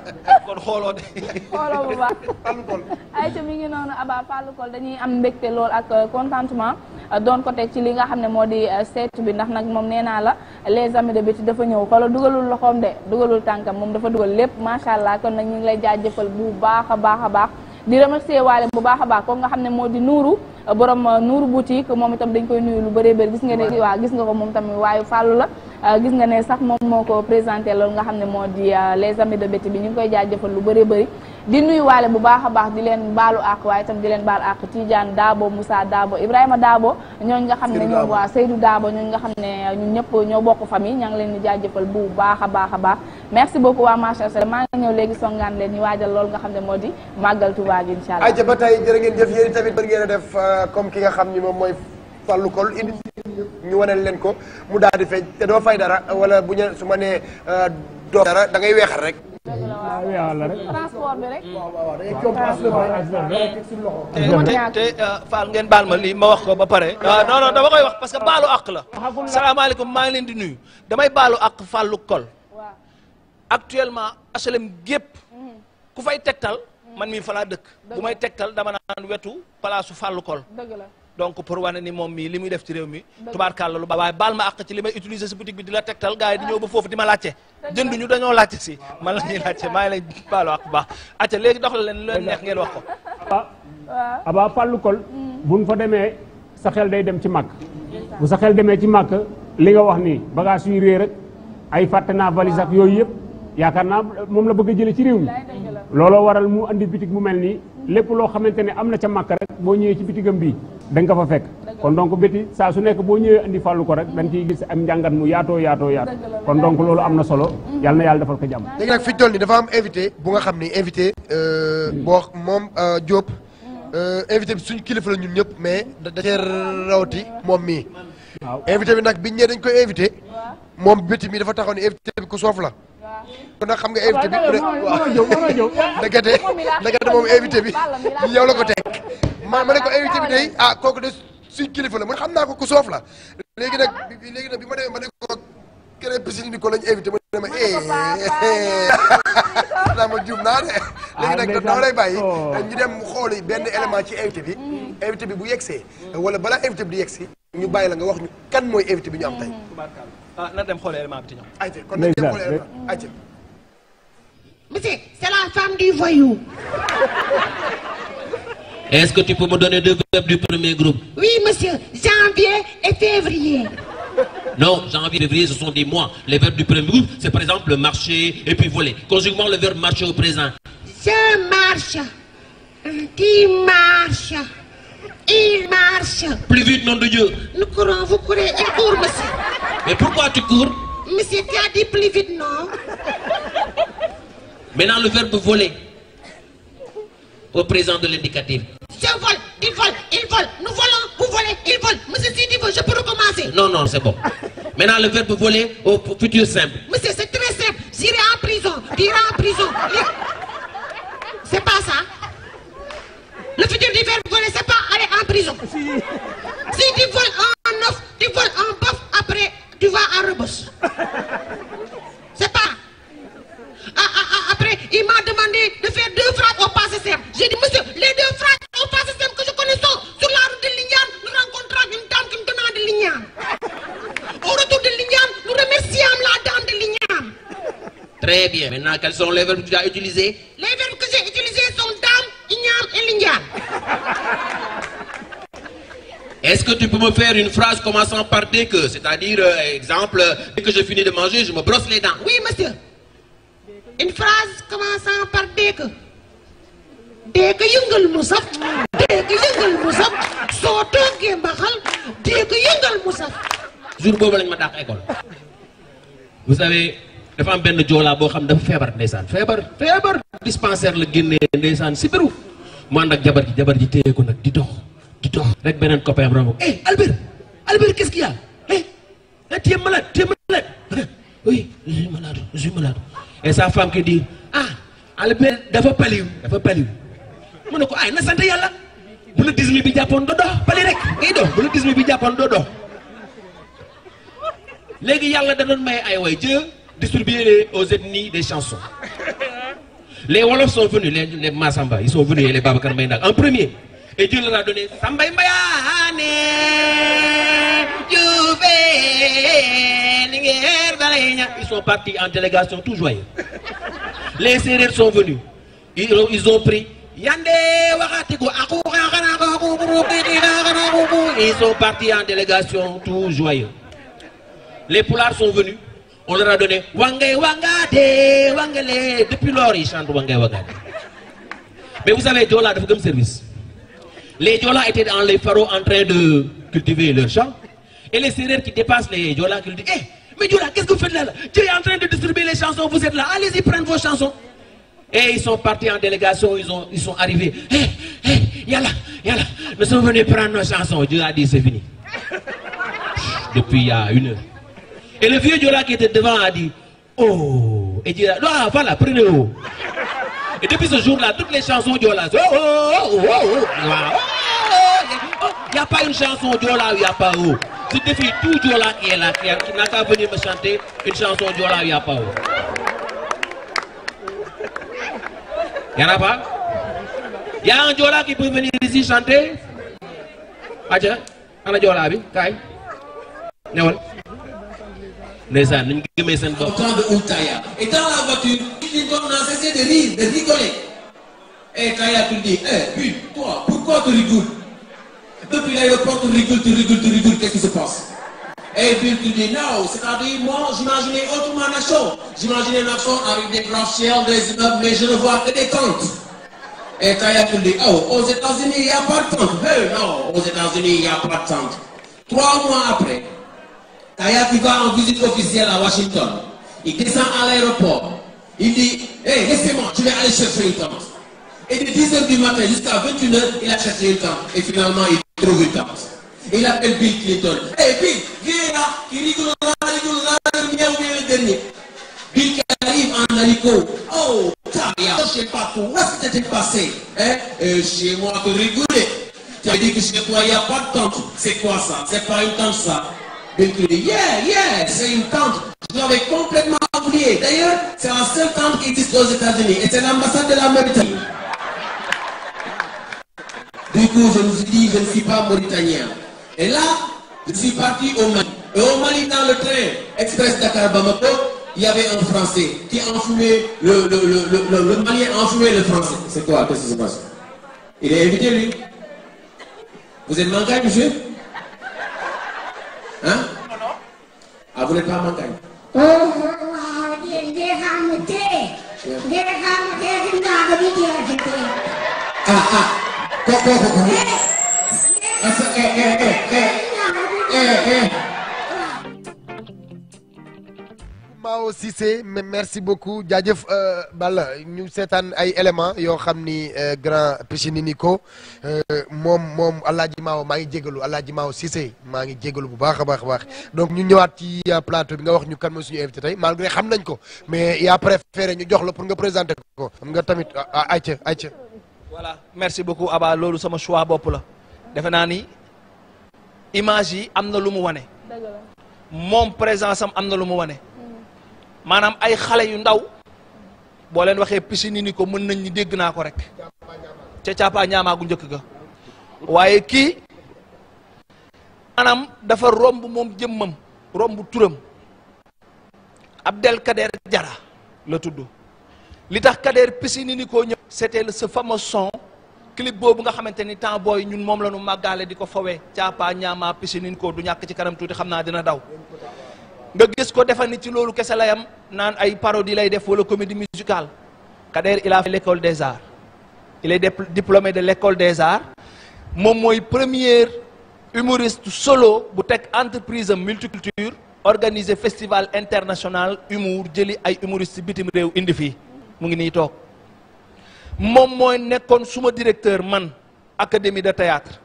xooloo de. xooloo bu baax. Falloukolle ayca mi ngi noonu Aba kool dañuy am mbégte lool ak euh, contentement euh, doon ko teg ci li nga xam ne moo di euh, seet bi ndax nag moom nee naa la les amis de béti dafa ñëw xoolal dugalul loxoom de dugalul tànkam moom dafa dugal lépp macha allah kon nag ñu ngi lay jaajëfal bu baax a baax a baax. di remercier waale bu baax a baax kooku nga xam ne moo di nuuru borom nuuru boutique moom itam dañ koy nuyu lu bëree bëri gis nga ne waaw gis nga ko moom tamit waaye fàllu la Euh, gis nga ne sax moom moo ko présenté loolu nga xam ne moo di euh, les amis de Betty bi ñu ngi koy jaajëfal lu bëri bëri di nuyuwaale bu baax a baax di leen baalu àq waaye itam di leen baal àq Tidiane Dabo Moussa Dabo Ibrahima daabo ñooñ nga xam ne ñoom waa Seydou Dabo ñooñ nga xam ne euh, ñun ñëpp ñoo bokk famille ña ngi leen di jaajëfal bu baax a baax a baax merci beaucoup waa macha allah maa ngi ñëw léegi songaan leen ñu waajal loolu nga xam ne moo di màggal Tuubaa gi incha allah. ayca ba tey comme ki nga xam ni moom mooy fàllu kol indi ñu waneel leen ko mu daa di feeñ te doo fay dara wala bu ñu su ma nee euh, doo dara da weexal rek. la rek. te euh, Fall ngeen baal ma lii ma wax ko ba pare. Euh, non non dama koy wax parce que baalu àq la. salaamaaleykum maa leen di nuyu. damay baalu àq fàllu kol. actuellement HLM gépp ku fay tegtal. man mii falaa dëkk. bu may tegtal dama naan wetu palaasu fàllu kol. donc pour wane ni moom mii li muy def ci réew mi tubaarkàlla lu baax waaye baal ma àq ci li may utiliser si boutique bi di la tegtal gars yi di ñëw ba foofu di ma laajte jënduñu dañoo laajte si man la ñuy laajte maa ngi lay baalu àq bu baax acca léegi dox la leen lu leen neex ngeen wax ko ah abaa pàllu kol hmm. buñ fa demee sa xel day dem ci màkk bu sa xel demee ci màkk li nga wax nii bagage yuy réer ak ay fàtte naa valise yooyu yëpp yaakaar naa moom la bëgg a jëlee ci réew mi looloo waral mu andi bitig mu mel nii hmm. lépp loo xamante ne am na ca màkk rek boo ñëwee ci bitigam bii da nga ko fa fekk kon donc béti saa su nekk boo ñëwee indi falu ko rek dañ ciy gis am njàngat mu yaatoo yaatoo yaatu kon donc loolu am na solo mm-hmm. yàlla na yàlla defal ko jàmm léegi nag fi ñu toll ni dafa am nga xam ni invité euh, boo moom euh, Diop mm-hmm. euh, invité bi suñu kilifa la ñun ñëpp mais da cee moom mii waaw invité bi nag biñ dañ koy invité moom béti mi dafa taxaw ni invité bi ku soof la kon nag xam nga invité bi waaw ndekete ndekete moom invité bi yow la ko teg ma ma ne ko invité bi day ah kooku de suñ kilifa la man xam naa ko ku soof la léegi nag léegi nag bi ma demee ma ne ko keneen piscine bi ko lañ invité ma ne ma eh naa ma juum naa de ah, léegi nekk dama lay bàyyi ñu dem xooli benn élément ci invité bi mm. invité bi bu yegsee wala balaa invité bi di yegsi ñu bàyyi la nga wax ñu kan mooy invité bi ñu am tey mm-hmm. ah na dem xool élément bi ci ñoom. ayca kon nañu dem xool élément ayca. Est-ce que tu peux me donner deux verbes du premier groupe? Oui, monsieur. Janvier et février. Non, janvier février, ce sont des mois. Les verbes du premier groupe, c'est par exemple marcher et puis voler. Conjuguons le verbe marcher au présent. Je marche. Plus vite, nom de Dieu. Nous courons, vous courez, il eh, court, monsieur. Mais pourquoi tu cours? Monsieur, tu as dit plus vite, non? Maintenant, le verbe voler au présent de l'indicatif. Je vole, il vole, nous volons, vous volez, il vole. Monsieur Sidibé, je peux recommencer. Non, non, c'est bon. Maintenant, le verbe voler au futur simple. Monsieur, c'est très simple. J'irai en prison, tu en prison. C'est pas ça. Le futur du voler, c'est pas aller en prison. Si, si en offre, après tu vas en C'est pas. Ah, ah, ah, Il m'a demandé de faire deux frappes au pas système. J'ai dit, monsieur, les deux frappes au pas système que je connais sur la route de Lignan. Nous rencontrons une dame qui me donnant de Lignan. Au retour de Lignan, nous remercions la dame de Lignan. Très bien. Maintenant, quels sont les verbes que j'ai utilisés sont dame, Ignam et Lignan. Est-ce que tu peux me faire une phrase commençant par dès que, c'est-à-dire, euh, exemple, dès que je finis de manger, une phrase commençant par dégg dégg yëngal mu saf dégg yëngal mu saf soo toogee mbaxal dégg yëngal mu saf jour boobu lañ ma dàq école vous savez dafa am benn joolaa boo xam dafa feebar ndeysaan feebar feebar dispensaire la génnee ndeysaan si biru mu ànd ak jabar ji jabar ji téye ko nag di dox di dox rek beneen copain romb eh Albert Albert qu'est-ce qu'il y a eh, eh tu es malade tu es malade oui je suis malade je suis malade et sa femme qui dit ah, Albert dafa paliw dafa paliw mu ne ko ay na sant yàlla bu la bi jàppoon doo dox pali rek ngay dox bu bi jàppoon doo dox léegi yàlla da doon may ay way Dieu distribuer aux ethnies des chansons les Wolofs sont venus les les Massamba ils sont venus et les Babacar Mbaye en premier et Dieu leur a donné Sambay Mbayaane Mbaye ils sont partis en délégation tout joyeux les Sérères sont venus ils ont ils ont pris. ils sont partis en délégation tout joyeux les Pulaars sont venus on leur a donné wangay wangaade wangale depuis lors ils chantent wangay wangaade mais vous savez Joola dafa gëm service les Joola étaient dans les faro en train de cultiver leur champ et les Sérères qui dépassent les Joola qui leur disent eh Mais Dioula, qu'est-ce que vous faites là, la Dieu est en train de distribuer les chansons, vous êtes là, allez-y, prendre vos chansons. Et ils sont partis en délégation, ils, sont arrivés. Hé, hey, nous sommes prendre nos chansons. Dieu a dit, c'est fini. Depuis il une heure. Et le vieux Dioula qui était devant a dit, oh, et Dieu a voilà, prenez-le. Et depuis ce jour-là, toutes les chansons Dioula, oh, oh, oh, oh Il a pas une chanson Diola où il n'y a pas où. Je défie tout Diola qui est là, qui, n'a qu'à venir me chanter une chanson Diola où il n'y a pas où. Il n'y en a pas Il y a un Diola qui peut venir ici chanter Adja, ana Diola, bi, Kai. Néol. Ndeysaan, nous gëmé sen bop. de Outaya. Et dans la voiture, ils n'ont cessé de rire, de rigoler. Et eh, Kaya te dit, eh, hey, puis, toi, pourquoi tu rigoles depuis l'aéroport, on rigole, tu rigoles, tu se passe Et eh puis tu dis non, c'est-à-dire, j'imaginais autrement Naxo. J'imaginais Naxo avec des branchières, des immeubles, mais je ne vois que des tentes. Et Kaya tu dis, oh, aux États-Unis, il n'y a pas de tente. Eh, aux États-Unis, il n'y a pas de tente. Trois mois après, Kaya qui va en visite officielle à Washington, il descend à l'aéroport. Il dit, hé, eh, laissez-moi, je vais aller chercher une tente. Et de 10h du matin jusqu'à 21h, il a cherché le temps. Et finalement, il trouve le temps. Il appelle Bill Clinton. Et hey, Bill, viens là, il rigole là, rigole là, le dernier. Bill qui arrive en haricot. Oh, Taria, je sais pas tout. Où est-ce que t'étais passé hein? Et euh, chez moi, tu rigolais. Tu as dit que chez toi, il n'y a pas de tente. C'est quoi ça C'est pas une tente, ça Bill Clinton dit, yeah, yeah, c'est une tente. Je l'avais complètement oublié. D'ailleurs, c'est la seule tente qui existe aux États-Unis. Et c'est l'ambassade de la Mauritanie. coup, je me suis dit, je ne suis pas mauritanien. Et là, je suis parti au Mali. Et au Mali, dans le train express Dakar-Bamako, il y avait un Français qui enfumait, le, le, le, le Malien enfumait le Français. C'est quoi Qu'est-ce qui se passe Il est invité, lui. Vous êtes manqué, monsieur Hein Ah, vous n'êtes pas manqué. Oh, oh, oh, ah, ah. kokoko Mao Cissé merci beaucoup jaajëf euh, Balla ñu seetaan ay éléments yoo xam ni euh, grand Pichinini ko euh, moom moom Alaaji Mao maa ngi jégalu Alaaji Mao Cissé maa ngi jegalu bu baax a baax a baax donc ñu ñëwaat ci plateau bi nga wax ñu kan mooy suñu invité tey malgré xam nañ ko mais yaa préféré ñu jox la pour nga présenter ko xam nga tamit ah, ah, ayca ayca voilà merci beaucoup Aba loolu sama choix bopp la defe naa ni image yi am na lu mu wane. moom présent am am na lu mu wane. maanaam ay xale yu ndaw boo leen waxee piscine ni ko mën nañ ni dégg naa ko rek ca càppaa njëkk ga waaye kii maanaam dafa romb moom jëmmam romb turam Abdelkader Jara la tudd li tax Kader Piscine ni koo ñëw. c'était ce fameux son clip boobu nga xamante ni temps booy ñun moom la ñu màggaale di ko fawee caapa ñaama Piscine ni ko du ñàkk ci kanam tuuti xam naa dina daw. nga gis ko defal ni ci loolu kese la yam naan ay parodie lay def wala comédie musicale Kader il a fait l'école des arts il est diplômé de l'école des arts moom mooy première humoriste solo bu tekk entreprise am multiculture organiser festival international humour jëli ay humoriste bitim réew indi fii. mu ngi nii toog moom mooy nekkoon suma directeur man académie de théâtre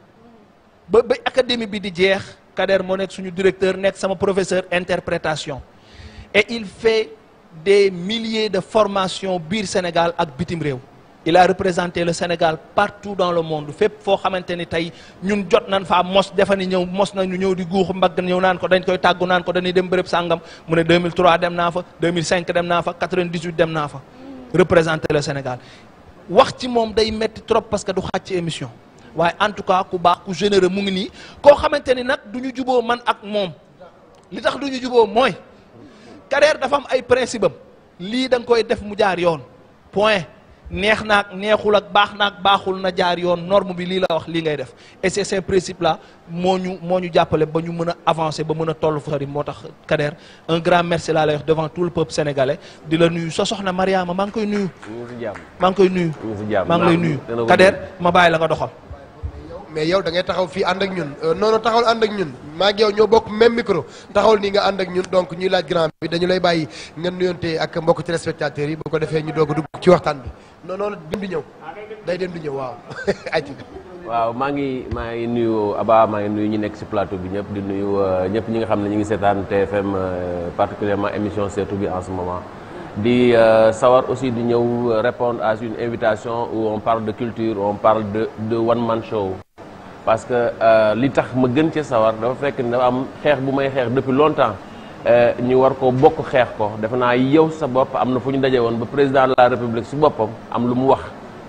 ba ba académie bi di jeex Kader moo nekk suñu directeur nekk sama professeur interprétation et il fait des milliers de formations biir Sénégal ak bitim réew il a représenté le Sénégal partout dans le monde fépp foo xamante ni tey ñun jot nañ faa mos defa ni ñëw mos nañu ñëw di guux mbagg ñëw naan ko dañ koy tàggu naan ko dañuy dem bërëb sàngam mu ne 2003 dem naa fa 2005 dem dem naa fa représenté le Sénégal wax ci moom day metti trop parce que du xaaj ci émission waaye en tout cas ku baax ku généreux mu ngi nii koo xamante ni nag du ñu juboo man ak moom li tax du ñu juboo mooy carrière dafa am ay principe lii da nga koy def mu jaar yoon point neex naag neexul ak baax naag baaxul na jaar yoon norme bi lii la wax lii ngay def et c'est ces moo ñu moo ñu jàppale ba ñu mën a avancer ba mën a toll fu sori moo tax Kader un grand merci laa lay wax devant tout le peuple sénégale di la nuyu sa soxna Mariama maa ngi koy nuyu. maa ngi koy nuyu. maa ngi lay nuyu Kader ma bàyyi la nga doxal. mais yow da taxaw fii ànd ak ñun euh, noonu taxawal ànd ak ñun maa ngi yow ñoo bokk même micro taxawal nii nga ànd ñun donc ñuy laaj grand bi dañu lay bàyyi ngeen nuyontee ak mbokk téléspectateurs yi bu defee ñu doog a dugg ci waxtaan bi. non noonu dem di ñëw ah, day dem di waaw ayca. waaw maa ngi maa ngi nuyu Aba maa ngi nuyu ñu nekk ci plateau bi ñëpp di nuyu euh, ñëpp ñi nga xam ne ñu ngi seetaan TFM euh, particulièrement émission seetu bi en ce moment. di euh, sawar aussi di ñëw répondre à une invitation où on parle de culture on parle de de one man show. parce que li tax ma gën ci sawar dafa fekk ne dafa am xeex bu may xeex depuis longtemps. Euh, ñu war ko bokk xeex ko defe naa yow sa bopp am na fu ñu dajee woon ba président de la république si boppam am lu mu wax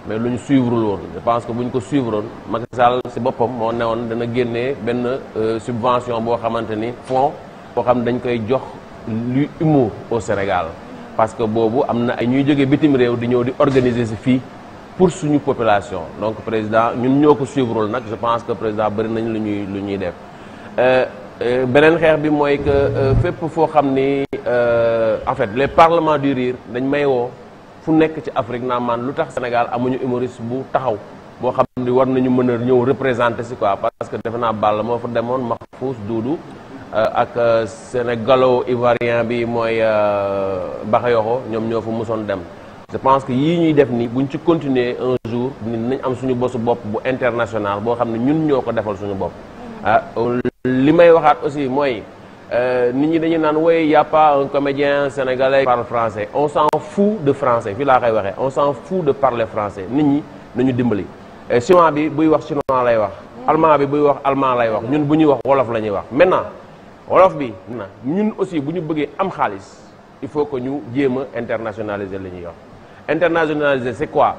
mais lu ñu suivrul woon je pense que bu ñu ko suivre woon Macky Sall si boppam moo ne woon dana génnee benn euh, subvention boo xamante ni fonds boo xam ne dañ koy jox lu humour au Sénégal parce que boobu am na ay ñuy jógee bitim réew di ñëw di organiser si fii pour suñu population donc président ñun ñoo ko suivrul nag je pense que président bëri nañ lu ñuy lu ñuy def euh, Euh, beneen xeex bi mooy que euh, fépp foo xam ni euh, en fait les parlements du riir dañ may woo fu nekk ci Afrique naa maan lu tax Sénégal amuñu humoriste bu taxaw boo xam ni war nañu mën ñëw représenter si quoi parce que defe naa Balla moo fa demoon Mahfouz Doudou ak sénégalo ivoirien bi mooy Bakayoko ñoom ñoo fu mosoon dem je pense que yii ñuy def ni buñ ci continuer un jour ni nañ am suñu bosu bopp bu international boo xam ne ñun ñoo ko defal suñu bopp ah li may waxaat aussi mooy euh, nit ñi dañu naan woy y a pas un comédien sénégalais parle français on s'en fout de français fii laa koy waxee on s'en fout de parle français nit ñi nañu dimbali euh, chinois bi buy wax chinois lay wax allemand bi buy wax allemand lay wax ñun bu ñuy wax wolof la ñuy wax maintenant wolof bi na ñun aussi bu ñu bëggee am xaalis il faut que ñu jéem a internationaliser li ñuy wax internationaliser c'est quoi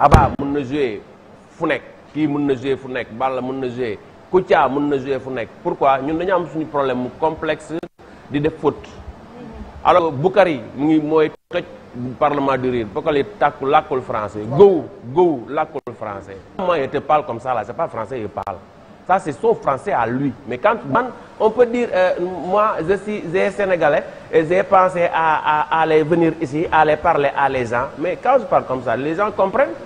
Abba mën na jouer fu nekk kii mën na jouer fu nekk Balla mën na jouer Kouthia mun na jouer fu nekk pourquoi ñun dañu am suñu problème mu complexe di def faute mhm. alors Boukari mu ngi mooy toj parlement du rire Boukari tàkku làkkul français Gowou Gowou làkkul français moi je te parle comme ça là c'est pas français je parle ça c'est son français à lui mais quand man on peut dire euh, moi je suis j'ai sénégalais et j'ai à à à venir ici à les parler à les gens mais quand je parle comme ça les gens comprennent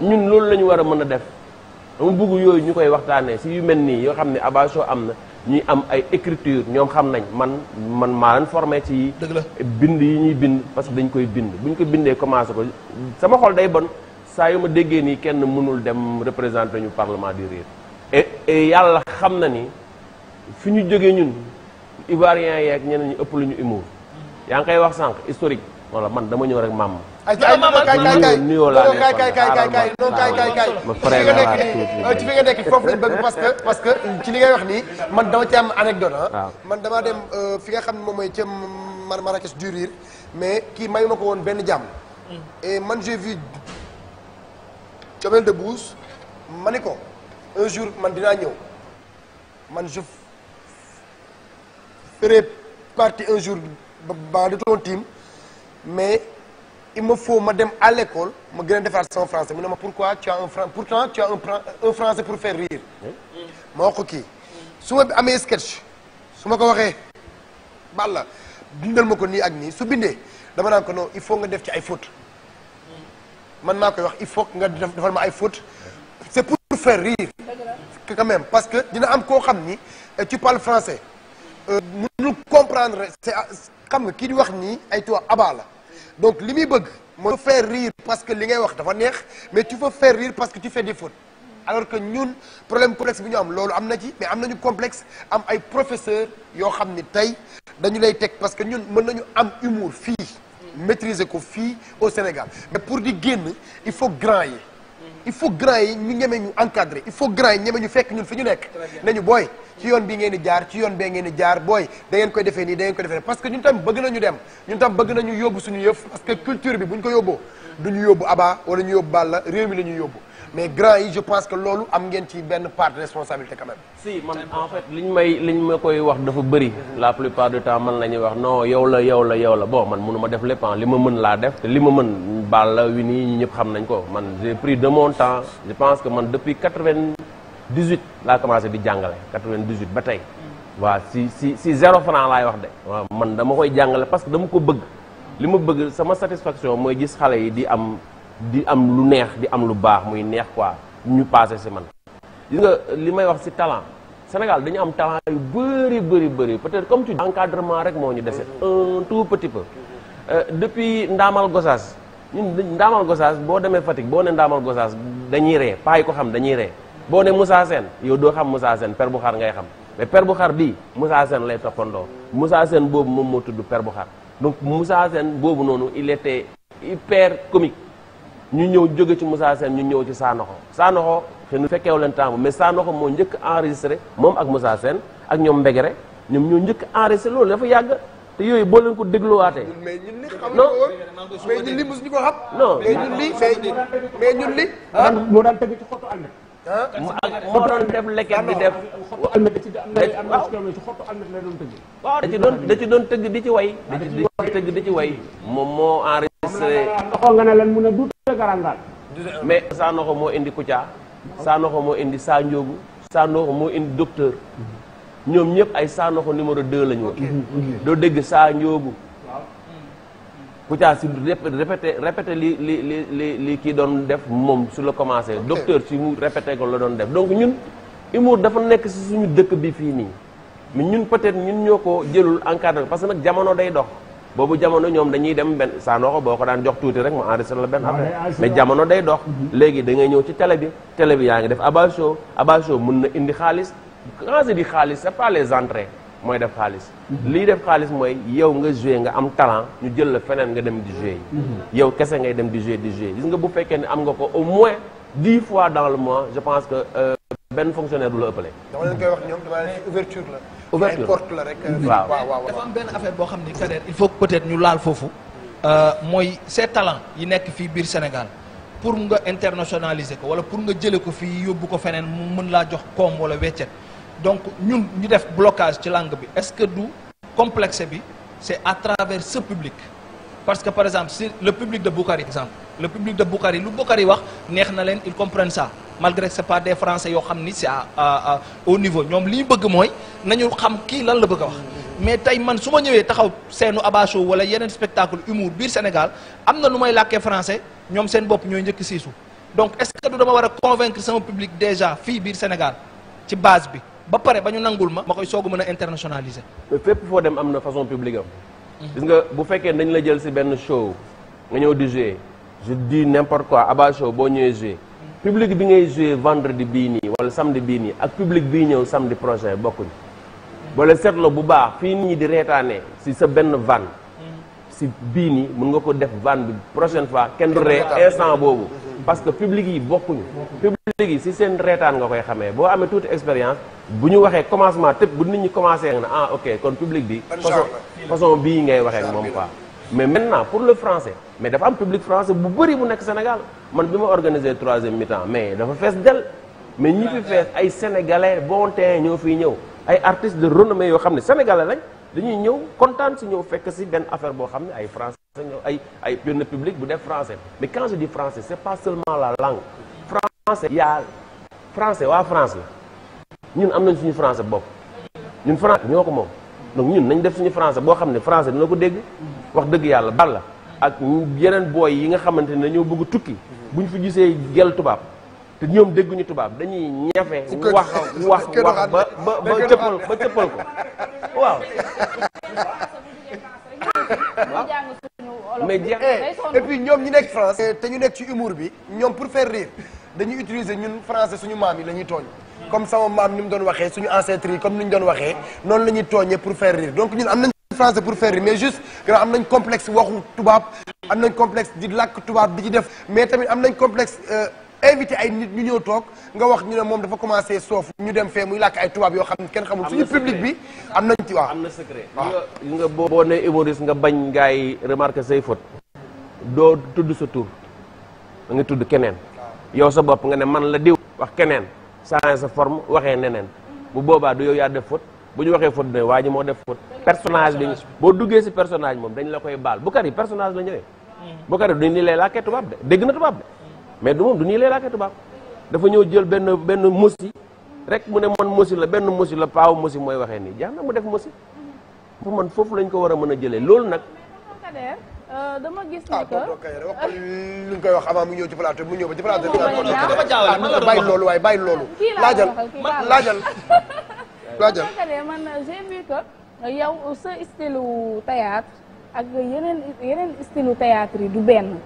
ñun loolu la ñu war a mën a def dama bëgg yooyu ñu koy waxtaanee si yu mel nii yoo xam ne Abacho am na ñuy am ay écriture ñoom xam nañ man man maa leen ci. dëgg la bind yi ñuy bind parce que dañ koy bind bu ñu ko bindee commencé ko sama xol day bon saa yu ma déggee nii kenn mënul dem représenter ñu parlement du rire. yàlla xam na ni fi ñu jógee ñun ivoiriens yeeg ñeneen ñu ëpp lu ñu humour yaa ngi koy wax sànq historique. wala man dama ñëw rek maam. ay kay kay kay kay nuyoo laa nekk kay kay kay kay non kay kay kay ci fi nga nekk foofu lañ bëgg parce que parce que ci li ngay wax nii man dama ci am anecdote ah man damaa dem euh, fi nga xam ne moom mooy ca Mar Marrakech du Rire mais kii mayu ma ko woon benn jàmm et man j'ai vu Chomel Debbouze ma ni ko un jour man dinaa ñëw man je ferai partie un jour ba de ton team mais il ma faut ma dem à l'école ma gën a defar sama français mu ne ma pourquoi tu as un franc pourtant tu as un un français pour faire rire. ma wax ko kii su ma amee sketch su ma ko waxee balla bindal ma ko nii ak nii su bindee dama naan ko non il faut nga def ci ay fautes man maa koy wax il faut nga defal ma ay fautes c'est pour faire rire. quand même parce que dina am koo xam ni eh, tu parles français. mënul comprendre c'est ah, xam nga kii di wax nii ay tuwa abaa la donc li muy bëgg moo fair rire parce que li ngay wax dafa neex mais tu veux faire rire parce que tu fais des alors que ñun problème complexe bu ñu am loolu am na ci mais am nañu complexe am ay professeurs yoo xam ni tey dañu lay teg parce que ñun mën nañu am humour fii maîtriser ko fii au Sénégal mais pour di génn il faut grand yi il faut grand yi ñu ñeme ñu encadrer il faut grand yi ñeme ñu fekk ñun fi ñu nekk nañu booy ci yoon bi ngeen di jaar ci yoon bee ngeen di jaar booy da ngeen koy defee nii da ngeen koy defee parce que ñun tam bëgg nañu dem ñun tam bëgg nañu yóbbu suñu yëf parce que culture bi bu ñu ko yóbboo du ñu yóbbu Abba wala ñu yóbbu Balla réew mi la yóbbu mais grand yi je pense que loolu am ngeen ci benn part de responsabilité quand même. si man en fait liñ may liñ ma koy wax dafa bëri. la plupart du temps man la ñuy wax non yow la yow la yow la bon man mënu ma def lépp ah, li ma mën laa def te li ma mën baal la wi nii ñëpp xam nañ ko man pris de mon temps je que man depuis quatre-vingt-dix-huit laa commencé di jàngale quatre-vingt-dix-huit ba tey. waa si si si zéro franc laay wax de. waaw man dama koy jàngale parce que dama ko bëgg. li ma bëgg sama satisfaction mooy gis xale yi di am. di am lu neex di am lu baax muy neex quoi ñu passé si man. gis nga li may wax si talent Sénégal dañu am talent yu bëri bëri bëri peut-être comme tu dis encadrement rek moo ñu dese un tout petit peu. Euh, depuis Ndaamal Gosaas ñun Ndaamal Gosaas boo demee Fatick boo ne Ndaamal Gosaas dañuy ree paa yi ko xam dañuy ree boo ne Moussa Sène yow doo xam Moussa Sène per bu xar ngay xam mais per bu xar bii Moussa Sène lay toppandoo musa seen boobu moom moo tudd per bu xar donc boobu noonu il était hyper comique. ñu ñëw jóge ci Moussa Sène ñu ñëw ci Sanoxo Sanoxo xëy na fekkeewu leen temps mais Sanoxo moo njëkk enregistré moom ak Moussa Sène ak ñoom Mbegere ñoom ñoo njëkk enregistré loolu dafa yàgg te yooyu boo leen ko dégluwaatee. mais ñun li xam non mais ñun li mos ñu ko xam. non mais ñun li ah? moo doon ah? def leket di def. xottu almet da ci am na doon tëgg. da ci doon da ci doon tëgg di ci way. Ah, da doon tëgg di ci way moom moo enregistré. xool nga ne lan mun a dut. mais Sanoxo moo indi Kouthia Sanoxo moo indi Sa Ndiogou moo indi docteur ñoom ñëpp ay Sanoxo numéro 2 la ñu woon doo dégg Sa Ndiogou Kouthia si répété répété li li li li li kii doon def moom su la commencé docteur si mu répété ko la doon def donc ñun humour dafa nekk si suñu dëkk bi fii nii mais ñun peut ñun ñoo ko jëlul encadré parce que nag jamono day dox boobu jamono ñoom dañuy dem benn saanooxo boo ko daan jox tuuti rek mu enregistré la benn affaire mais jamono day dox mhm. léegi da ngay ñëw ci télé bi télé bi yaa ngi def abasho abasho mun na indi xaalis quand di xaalis c'est pas les entrées mooy def xaalis mhm. lii def xaalis mooy yow nga joué nga am talent ñu jël la feneen nga dem di joué yi mhm. yow kese ngay dem di joué di joué gis nga bu fekkee ne am nga ko au moins dix fois dans le mois je pense que euh, benn fonctionnaire du la ouverture porte la rek. Euh, waaw waaw am benn affaire boo xam ni Kader il faut que peut ñu laal foofu. Euh, mooy ces talents yi nekk fii biir Sénégal pour nga internationaliser ko wala pour nga jëlee ko fii yóbbu ko feneen mu mën laa jox koom wala weccet donc ñu ñu def blocage ci langue bi est-ce que du complexe bi c'est à travers ce public. parce que par exemple le public de Boukari exemple le public de Boukari wax neex na leen ils comprennent ça malgré que c'est pas des français yoo xam ni si a au niveau ñoom li ñu bëgg mooy nañu xam kii lan la bëgg wax mais tey man su ma ñëwee taxaw seenu abasho wala yeneen spectacle humour biir Sénégal am na lu may làkkee français ñoom seen bopp ñooy njëkk siisu donc est-ce que du dama war a convaincre sama public déjà fii biir Sénégal ci base bi ba pare ba ñu nangul ma ma koy soogu mën internationaliser mais fépp foo am na façon publique am gis nga bu fekkee dañ la jël si benn show nga ñëw di jouer je dis n'importe quoi Abba show boo ñëwee jouer public bi ngay jouer vendredi bii nii wala samedi bii nii ak public bii ñëw samedi prochain bokkuñ wala seetla bu baax fii nii ñi di reetaanee si sa benn van si bii nii mën nga ko def van bi prochaine fois kenn du ree instant boobu parce que public yi bokkuñu public yi si seen reetaan nga koy xamee boo amee toute expérience bu ñu waxee commencement tëb bu nit ñi commencé na ah ok kon public bi façon façon bii ngay waxee ak moom quoi mais maintenant pour le français mais dafa am public français bu bëri bu nekk Sénégal man bi ma organisé troisième mi-temps mais dafa fees del mais ñi fi fees ay sénégalais bon terrain ñoo fiy ñëw ay artistes de renommée yoo xam ne sénégalais lañ dañuy ñëw kontaan si ñëw fekk si benn affaire boo xam ne ay français ñëw ay ay benn public bu def français mais quand je dis français c'est pas seulement la langue français yaa français France la ñun am nañ suñu français bopp ñun français ñoo ko moom donc ñun nañu def suñu français boo xam ne français dina ko dégg wax dëgg yàlla bal la ak yeneen booy yi nga xamante ne ñoo bëgg tukki buñ fi gisee gel tubaab te ñoom dégguñu tubaab dañuy ñafe wax wax wax ba ba ba cëppal ba cëppal ko waaw mais jeex eh, et puis ñoom ñu nekk France te ñu nekk ci humour bi ñoom pour faire rire dañuy utiliser ñun français suñu maam yi la ñuy tooñ comme sama maam ni mu doon waxee suñu ancêtre yi comme ni ñu doon waxee noonu la ñuy tooñee pour faire rire donc ñun am nañ français pour faire rire mais juste am nañ complexe waxu tubaab am nañ complexe di làkk tubaab di ci def mais tamit am nañ complexe euh, invité ay nit ñu ñëw toog nga wax ñu ne moom dafa commencé soof ñu dem fee muy làkk ay tubaab yoo xam ne kenn xamul suñu public bi am nañ ci waaw am na secret li nga boo ne humoriste nga bañ ngaay remarqué say faute doo tudd sa tur da nga tudd keneen yow sa bopp nga ne man la diw wax keneen changé sa forme waxee neneen bu boobaa du yow yaa def faute bu ñu waxee faute ne waa ji moo def faute personnage bi boo duggee si personnage moom dañ la koy baal bu kar yi personnage la ñëwee bu kar yi du nii lay làkkee tubaab de dégg na tubaab de mais du moom du nii lay làkkee tubaab dafa ñëw jël benn benn mosi rek mu ne man mosi la benn mosi la paaw mosi mooy waxee nii jeex na mu def mosi fu man foofu lañ ko war a mën a jëlee loolu nag Euh, dama gis ni ah, que ah lu ñu koy wax avant mu ñëw ci plateau mu ñëw ba ci plateau bi. dama ah, bàyyi loolu waaye bàyyi loolu. laajal laajal laajal. man j'ai vu que yow sa style théâtre ak yeneen yeneen style théâtre du benn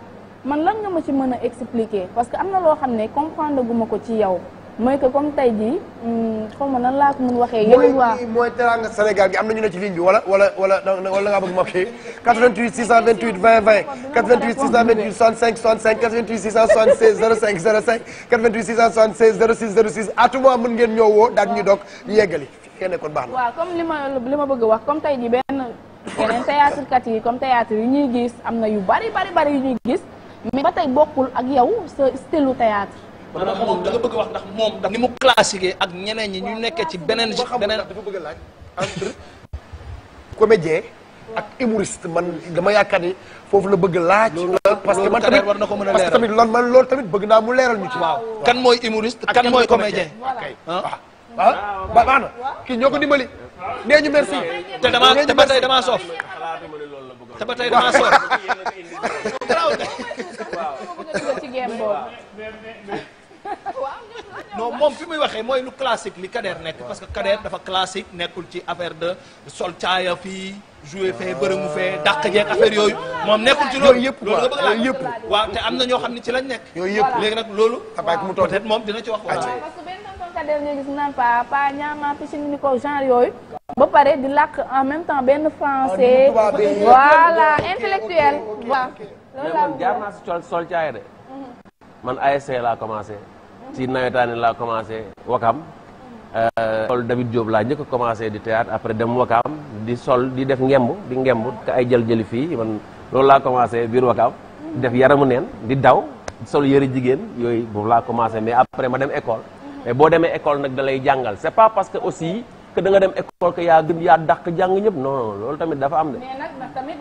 man lan nga ma ci mën a expliquer parce que am na loo xam ne comprendre ko ci yow. mooy que comme tey jii hmm, xaw ma nan laa ko mun waxee. yéen waa mooy mooy teraanga Sénégal gi am na ñu ne ci ligne bi wala wala wala wala ngaa bëgg marqué 88 628 20 20 88 628 65 65 88 676 05 05 88 676 06 06 à tout moment mën ngeen ñëw woo daal ñu dog ñu yeggali kenn kon baax na. waaw comme li ma li ma bëgg wax comme tey jii benn yeneen théâtre kat yi comme théâtre yi ñuy gis am na yu bari bari bari yu ñuy gis mais ba tey bokkul ak yow sa maanaam moom da bëgg wax ndax moom ni mu classique ak ñeneen ñi ñu nekkee ci beneen beneen dafa bëgg a laaj ak humoriste man dama yaakaar ni foofu la bëgg laaj parce que man tamit war na ko mën a parce que man loolu tamit bëgg naa mu leeral ñu ci waaw kan mooy humoriste kan mooy comédien waaw ah. waaw ah. ah. baax na kii ñoo ko dimbali nee ñu merci te dama te ba tey damaa soof te ba tey damaa soof non moom fi muy waxee mooy lu classique li Kader nekk parce que Kader dafa classique nekkul ci affaire de sol caaya fii jouer fee bërëmu fee dàq jeeg affaire yooyu moom nekkul ci loolu yëpp loolu nga bëgg laa yëpp waaw te am na ñoo xam ne ci lañ nekk yooyu yëpp léegi nag loolu mu toog peut-être moom dina ci wax parce que benn ko genre yooyu ba pare di làkk en même temps benn français oh, voilà intellectuel waaw loolu laa jaar naa si sol caaya de mhm. laa commencé ci nawetaani laa commencé wakam sol euh, David Diop laa njëkk a commencé di théâtre après dem wakaam di sol di def ngemb di ngemb ka ay jël jëli fii man loolu laa commencé biir wakaam def yaramu neen di daw sol yëre jigéen yooyu boobu laa commencé mais après ma dem école mais boo demee école nag da jàngal c'est pas parce que aussi que da nga dem école que yaa gën yaa dàq jàng ñëpp non loolu tamit dafa am de. mais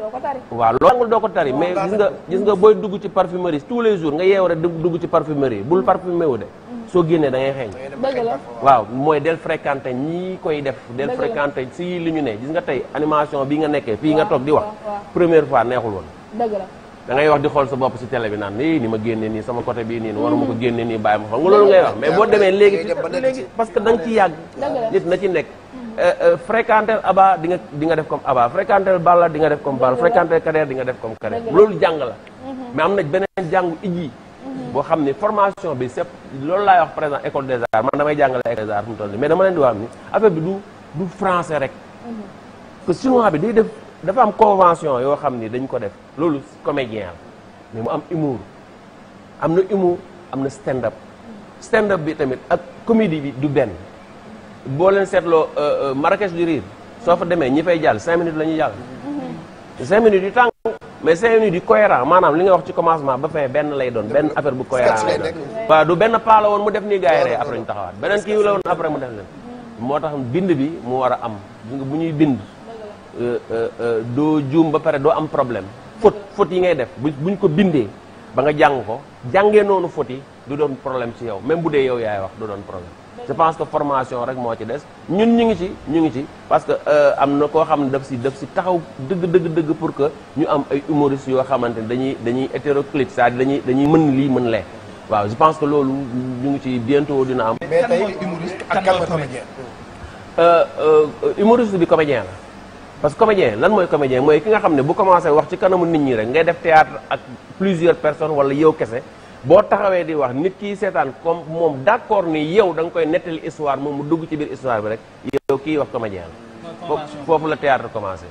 doo ko tari. waaw loo doo ko tari mais gis nga gis nga booy dugg ci parfumerie tous les jours nga yeew rek dugg ci parfumerie bul parfumé wu de. Mm. soo génnee da ngay xeeñ. dëgg waaw mooy del fréquenté ñii koy def. del fréquenté si li ñu ne gis nga tey animation bi nga nekkee. fii nga toog di wax. première fois neexul woon. da ngay wax di xool sa bopp si télé bi naan nii ma génne nii sama côté bii nii waruma ko génne nii bàyyi ma xam nga loolu ngay wax mais boo demee léegi parce que da nga ci yàgg nit na ci nekk euh, euh, fréquenter Abba di nga def comme Abba fréquenter Balla di nga def comme Balla fréquenter Kader di nga def comme Kader loolu jàng la mais am na beneen jàngu ijji boo xam ni formation bi c'est loolu laay wax par exemple école des arts man damay jàngale école des arts fu mu rek mhm. que bi day def dafa am convention yoo xam ni dañ ko def loolu comédien la mu am humour am na humour am na stand up stand up bi tamit ak comédie bi du benn boo leen seetloo euh, euh, Marrakech du Rire soo fa demee ñi fay jàll cinq minutes la ñuy jàll cinq minutes yu tàng mais cinq minutes yu cohérent maanaam li nga wax ci commencement ba fay benn lay doon benn affaire bu cohérent lay doon waaw du benn paa woon mu def ni gars yi ree après ñu taxawaat beneen kii la woon après mu def leen moo tax bind bi mu war a am bu ñuy bind Euh, euh, euh, doo juum ba pare doo am problème faute fóot yi ngay def bu buñ ko bindee ba nga jàng ko jàngee noonu faute yi du doon problème ci yow même bu dee yow yaay wax du doon problème je pense que formation rek moo ci des ñun ñu ngi ci ñu ngi ci parce que am na koo xam ne daf si daf si taxaw dëgg dëgg dëgg pour que ñu am ay humoristes yoo xamante ne dañuy dañuy hétéroclite cest à dañuy dañuy mën lii mën lee waaw je pense que loolu ñu ngi ci bientôt dina am. mais tey humoriste ak bi comédien parce que comédien lan mooy comédien mooy ki nga xam ne bu commencé wax ci kanamu nit ñi rek ngay def théâtre ak plusieurs personnes wala yow kese boo taxawee di wax nit kiy seetaan comme moom d'accord ni yow da nga koy nettali histoire moom mu dugg ci biir histoire bi rek yow ki wax comédien la foofu la théâtre commencé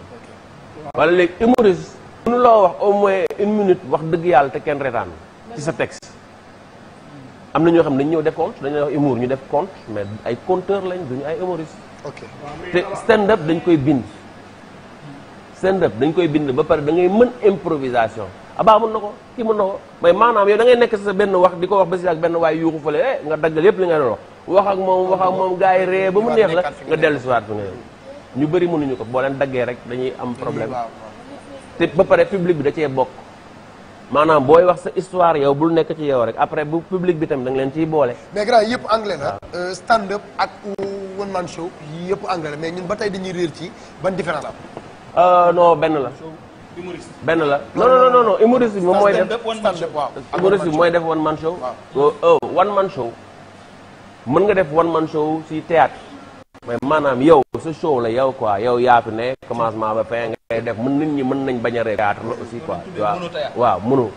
walla léegi humoriste mënu loo wax au moins une minute wax dëgg yàlla te kenn retaan ci sa texte am na ñoo xam ne dañu ñëw def compte wax humour ñu def compte mais ay conteur lañ duñu ay humoriste te dañ koy bind stand up dañ koy bind ba pare da ngay mën improvisation abaa mun na ko kii mën na ko mais maanaam yow da ngay nekk sa benn wax di ko wax ba si ak benn waay yuuxu fële eh nga daggal yépp li nga doon wax wax ak moom wax ak moom gars yi ree ba mu neex la nga dellu si waat fi nga ñu bëri mënuñu ko boo leen daggee rek dañuy am problème te ba pare public bi da cee bokk maanaam booy wax sa histoire yow bul nekk ci yow rek après bu public bi tam da leen ciy boole mais grand yëpp anglais na ah. euh, stand up ak one man show yëpp anglais la ba tey dañuy réer ci ban différence am Euh, non benn la. benn la non non non non humoriste bi moom mooy def humoriste bi mooy def one man show. waaw oh, oh, one man show. mën nga def one man show ci théâtre mais maanaam yow sa show la yow quoi yow yaa fi ne commencement ba fin ngay def mën nit ñi mën nañ bañ a ree théâtre la aussi quoi waaw waaw mënu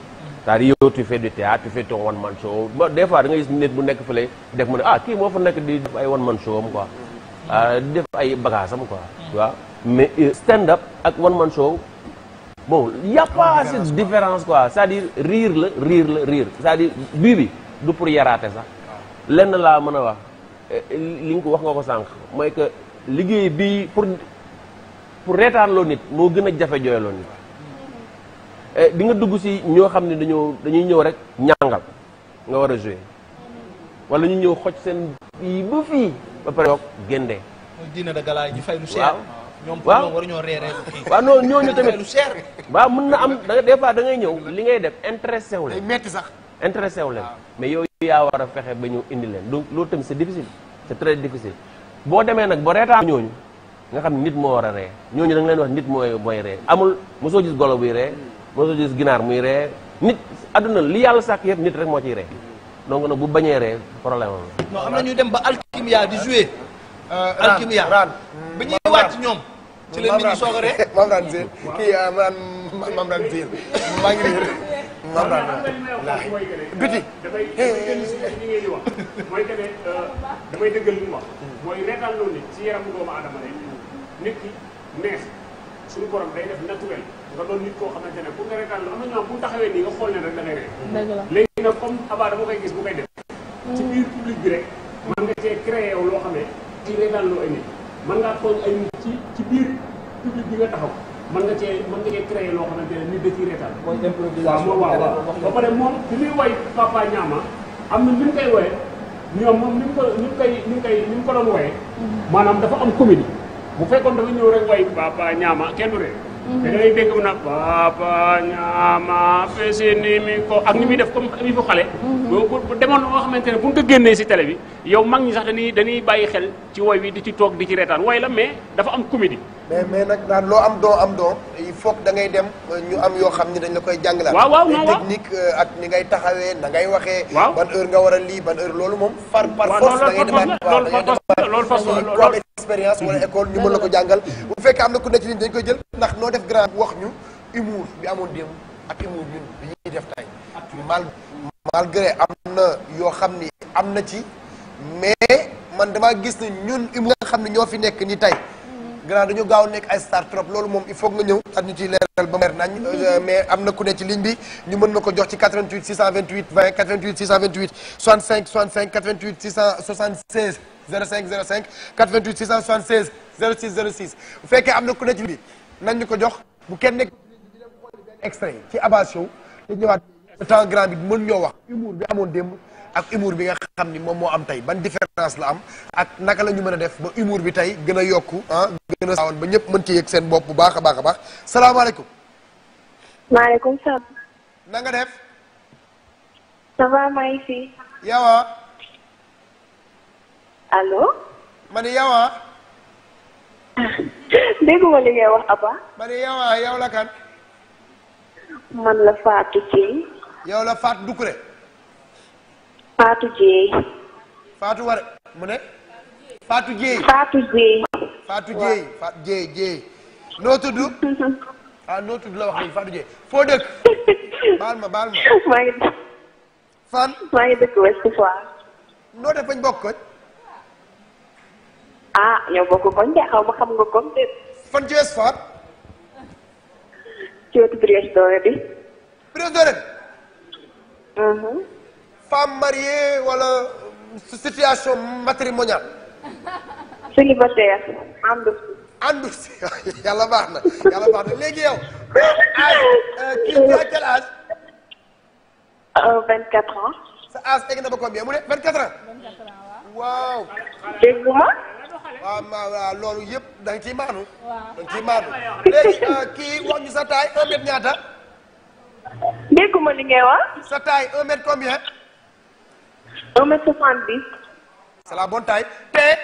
c'est-à-dire yow tu fais du théâtre tu fais ton one man show ba des fois da nga gis nit bu nekk fële def mu ne ah kii moo fa nekk di def ay one man show am quoi mm-hmm. ah, def ay bagage am quoi waaw mm-hmm. mais euh, stand up ak one man show bon y' a pas différence quoi c'est-à-dire la riir la riir c'est-à-dire bi du pour yaraate sax lenn laa mën a wax euh, li nga ko wax nga ko sànq mooy que liggéey bi pour pour reetaanloo nit moo gën a jafe jooyloo nit euh, di nga dugg si ñoo xam ne dañoo dañuy ñëw rek ñàngal nga war a joué wala ñu ñëw xoj seen yi ba fii ba pare yoog géndee diina da ñoom ñoo war ñoo reeree waaw non ñooñu tamit lu cher waaw mën na am da des fois da ngay ñëw li ngay def intéressé wu leen. day sax intéressé wu leen. mais yooyu yaa war a fexe ba ñu indi leen donc loolu tamit c'est difficile c'est très difficile boo demee nag ba reetaan ñooñu nga xam nit moo war a ree ñooñu da leen wax nit mooy mooy ree amul mosoo gis golo buy ree mosoo gis ginaar muy ree nit adduna li yàlla sax yëpp nit rek moo ci ree donc nag bu bañee ree problème am am na ñu dem ba alchimia Euh, alkimiya raan bi ñuy wàcc ñoom. ci la nit ñi soog a ree maam raan seen kii euh, maa ngi réer maam raan laay biti mooy que ne damay dëggal li mu wax mooy reetaan loolu nit ci yaramu doomu aadama ne nit ki neex suñu borom nga doon nit koo xamante ne pour nga reetaan am na ñoom bu taxawee nii nga xool ne rek da ngay ree léegi nag comme abaa dama koy gis bu koy def ci biir public bi rek mën nga cee créé yow loo xam ci reetaanloo ay nit mën ngaa tooñ ay nit ci ci biir public bi nga taxaw mën nga cee mën nga cee créé loo xamante ne nit da ciy reetaan. mooy improvisation waaw waaw ba pare moom fi muy woy Papa Ñaama am na lu mu koy woyee ñoom moom ni mu ko ni mu koy ni mu ko doon woyee. Mm-hmm. maanaam dafa am comédie bu fekkoon dafa ñëw rek woy Papa Ñaama kenn du ree da ngay dégg mu naan papa ñaama fesi ni mi ko ak ni muy def comme ni mu xale. Mm-hmm. boo bu demoon ne bu ñu ko génnee si télé bi yow mag ñi sax dañuy dañuy bàyyi xel ci woy wi di ci toog di ci reetaan woy la mais dafa am comédie. mais mais nag loo am don am don il faut que da ngay dem ñu am yoo xam ni dañ la koy jàngalaat. waaw waaw waaw technique euh, ak ni ngay taxawee na ngay waxee. ban heure nga war a lii ban heure loolu moom. far par force da ngay demaat expérience wala mhm. école ñu mën na ko jàngal mhm. bu fekkee am na ku ne ci liñ dañ koy jël ndax noo def grand wax ñu humour bi amoon démb ak humour ñun bi ñuy def tey mal malgré am na yoo xam ni am na ci mais man damaa gis ne ñun humour nga xam ne ñoo fi nekk ni tey grand dañu gaaw nekk ay star trop loolu moom il faut nga ñëw at ñu ciy leeral ba leer nañ euh, mais am na ku ne ci ligne bi ñu mën na ko jox ci 88 628 20 88 628 65 65 88 676 05 05 88 676 06 06 bu fekkee am na ku ci ligne bi nañ ñu ko jox bu kenn nekk extrait ci Abba Show temps grand bi mën ñoo wax humour bi amoon démb ak umuur bi nga xam ni moom moo am tey ban différence la am ak naka la ñu mën a def ba humour bi tey gën a yokku ah gën a saawoon ba ñëpp mën ci yëg seen bopp bu baax a baax a baax salaamaaleykum. maaleykum salaam. na nga def. ça va maa ngi fi. yawa. allo. wax Aba. ma ne yawa yow la kan. man la Fatou Seye. yow la Fatou Doucouré. Fatou Dieye. Fatou war mu ne. Fatou Dieye Fatou Dieye. Fatou Dieye Fatou Dieye Dieye. noo tudd. ah la wax léegi Fatou foo dëkk. baal ma baal ma. maa ngi. fan. maa ngi dëkk Ouest Foire. noo def bañ bokk koñ. ah ñoo bokk koñ ma xam nga koñ de. fan ci Ouest Foire. ci wetu Brioche Dorée bi. Brioche Dorée. Mm-hmm. femme mariée wala situation matrimoniale. célibataire àndu si. àndu si na yàlla baax na léegi yow. âge euh, kii tu as quel euh, vingt quatre ans. sa âge egg ba combien mu ne vingt quatre ans. waaw. dégg nga. ma loolu yëpp da nga ciy maanu. waaw da maanu léegi euh, wax ñu sa taille un mètre ñaata. dégguma li ngay wax. sa taille un mètre combien. un mètre soixante dix. c'est la te.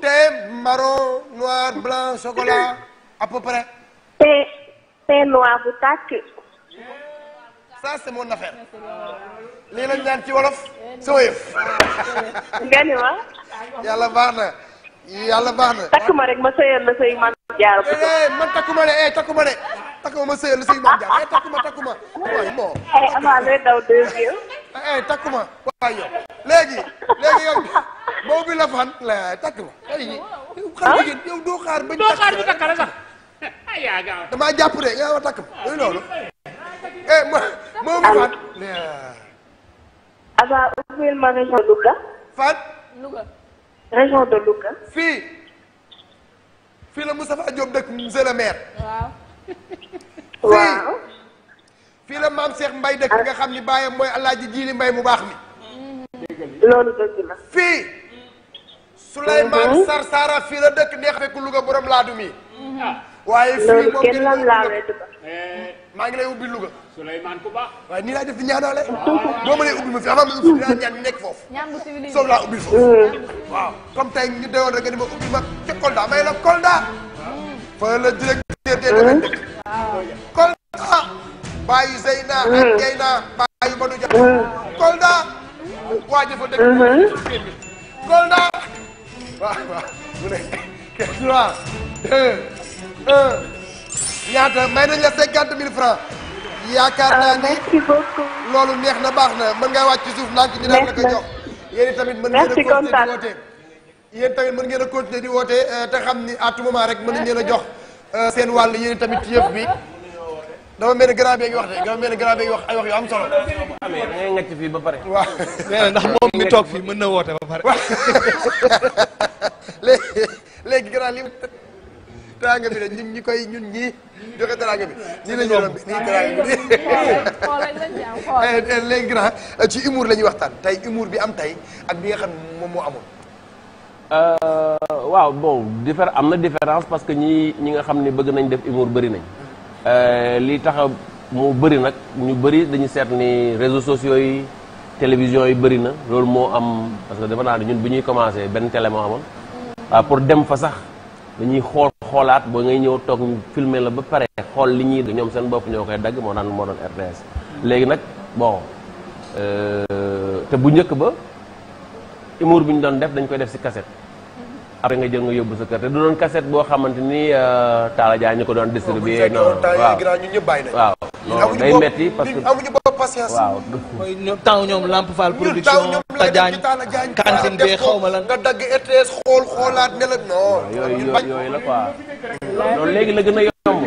te marron noir blanc chocolat à peu te te noir bu tàkk. ça c'est mon affaire. lii lañ naan ci wolof. sama yëf. nga ni ma. yàlla baax na. yàlla baax na. takk ma rek ma sëyal la sëy man. jaar eh, eh, man takku ma de eh takku ma de. takkuma ma sëyal sëy maam Diarra eh takkuma takkuma. waaye bon eh, amaa lay daw deuxième. eh, eh takkuma waaye yow léegi léegi yow boobu bi la fan la takkuma. xar jigéen yow doo xaar bañ. doo xaar ñu takka la sax. ayaa gaaw damaa jàpp de yow takkuma loolu loolu. eh ma moo bi fan. amaa ubbil ma région la Moustapha Diop dëkk monsieur le maire. waaw fii la maam Cheikh Mbaye dëkk nga xam ni baayam mooy allaaj Jiili mbay mu baax mi loolu dëgg la fii Souleymane mhm. Sar Sara fii la dëkk neex fekk Louga borom laa du mi mhm. waaye fii moom kenn lam laawee eh, maa ngi lay ubbi Louga Souleymane ku baax waaye nii laa def di ñaanale boo ma lay ubbi ma fi avant ma ubbi laa ñaan nekk foofu soog laa ubbi foofu mm. waaw comme tey ñu dayoon rek nga ni ma ubbi ma ca may la Kolda fa la directeur tey dana dëkk. Kolda. bàyyi Zeyna ak Zeyna mm-hmm. bàyyi Badou Dia. Mm-hmm. Kolda. waa jëfa dëkk. Mm-hmm. Kolda. waaw waaw mu ne. quatre trois deux un. ñaata may nañ la cinquante mille francs. yaakaar ah, naa ni loolu neex na baax na mën ngaa wàcc ci suuf ndànk ñu daan la ko jox. yéen tamit mën ngeen na continuer di woote. yéen tamit mën ngeen a continuer di woote te xam ni à tout moment rek mën nañ leen a jox seen wàll yéen tamit yëf bi dama mel ni grand bi ngi wax de dama mel ni grand bi wax ay wax am solo. ngay ngacc fii pare. waaw nee ndax moom mi toog fii mën na woote ba pare. léegi léegi grand li teraanga bi de ñun ñi koy ñun ñii joxe teraanga bi ñii la ñu doon nii teraanga bi léegi grand ci humour la ñuy waxtaan tey humour bi am tey ak bi nga xam moom moo amoon. Euh, waaw bon différence am na différence parce que ñi ñi nga xam ni bëgg nañ def humour bëri nañ euh, li tax mu bëri nag ñu bëri dañu seet ni réseaux sociaux yi télévision yi bëri na loolu moo am parce que dafa naa ñun bu ñuy commencé benn télé moo amoon pour dem fa sax dañuy xool xoolaat boo ngay ñëw toog ñu la ba pare xool li ñuy ñoom seen bopp ñoo koy dagg moo daan moo doon RTS léegi nag bon euh, te bu njëkk ba umur bi ñu doon def dañ koy def si cassette. après nga jëng yóbbu sa kër te du doon cassette boo xamante ni euh, Talla Dia ñu ko doon distribué. non waaw waaw. non day parce que amuñu bopp patience. waaw ñoom temps ñoom Lamp Fall production. Tajaañ xaw ma lan. nga dagg RTS xool xoolaat ne la yooyu yooyu la quoi. loolu léegi la gën a yomb.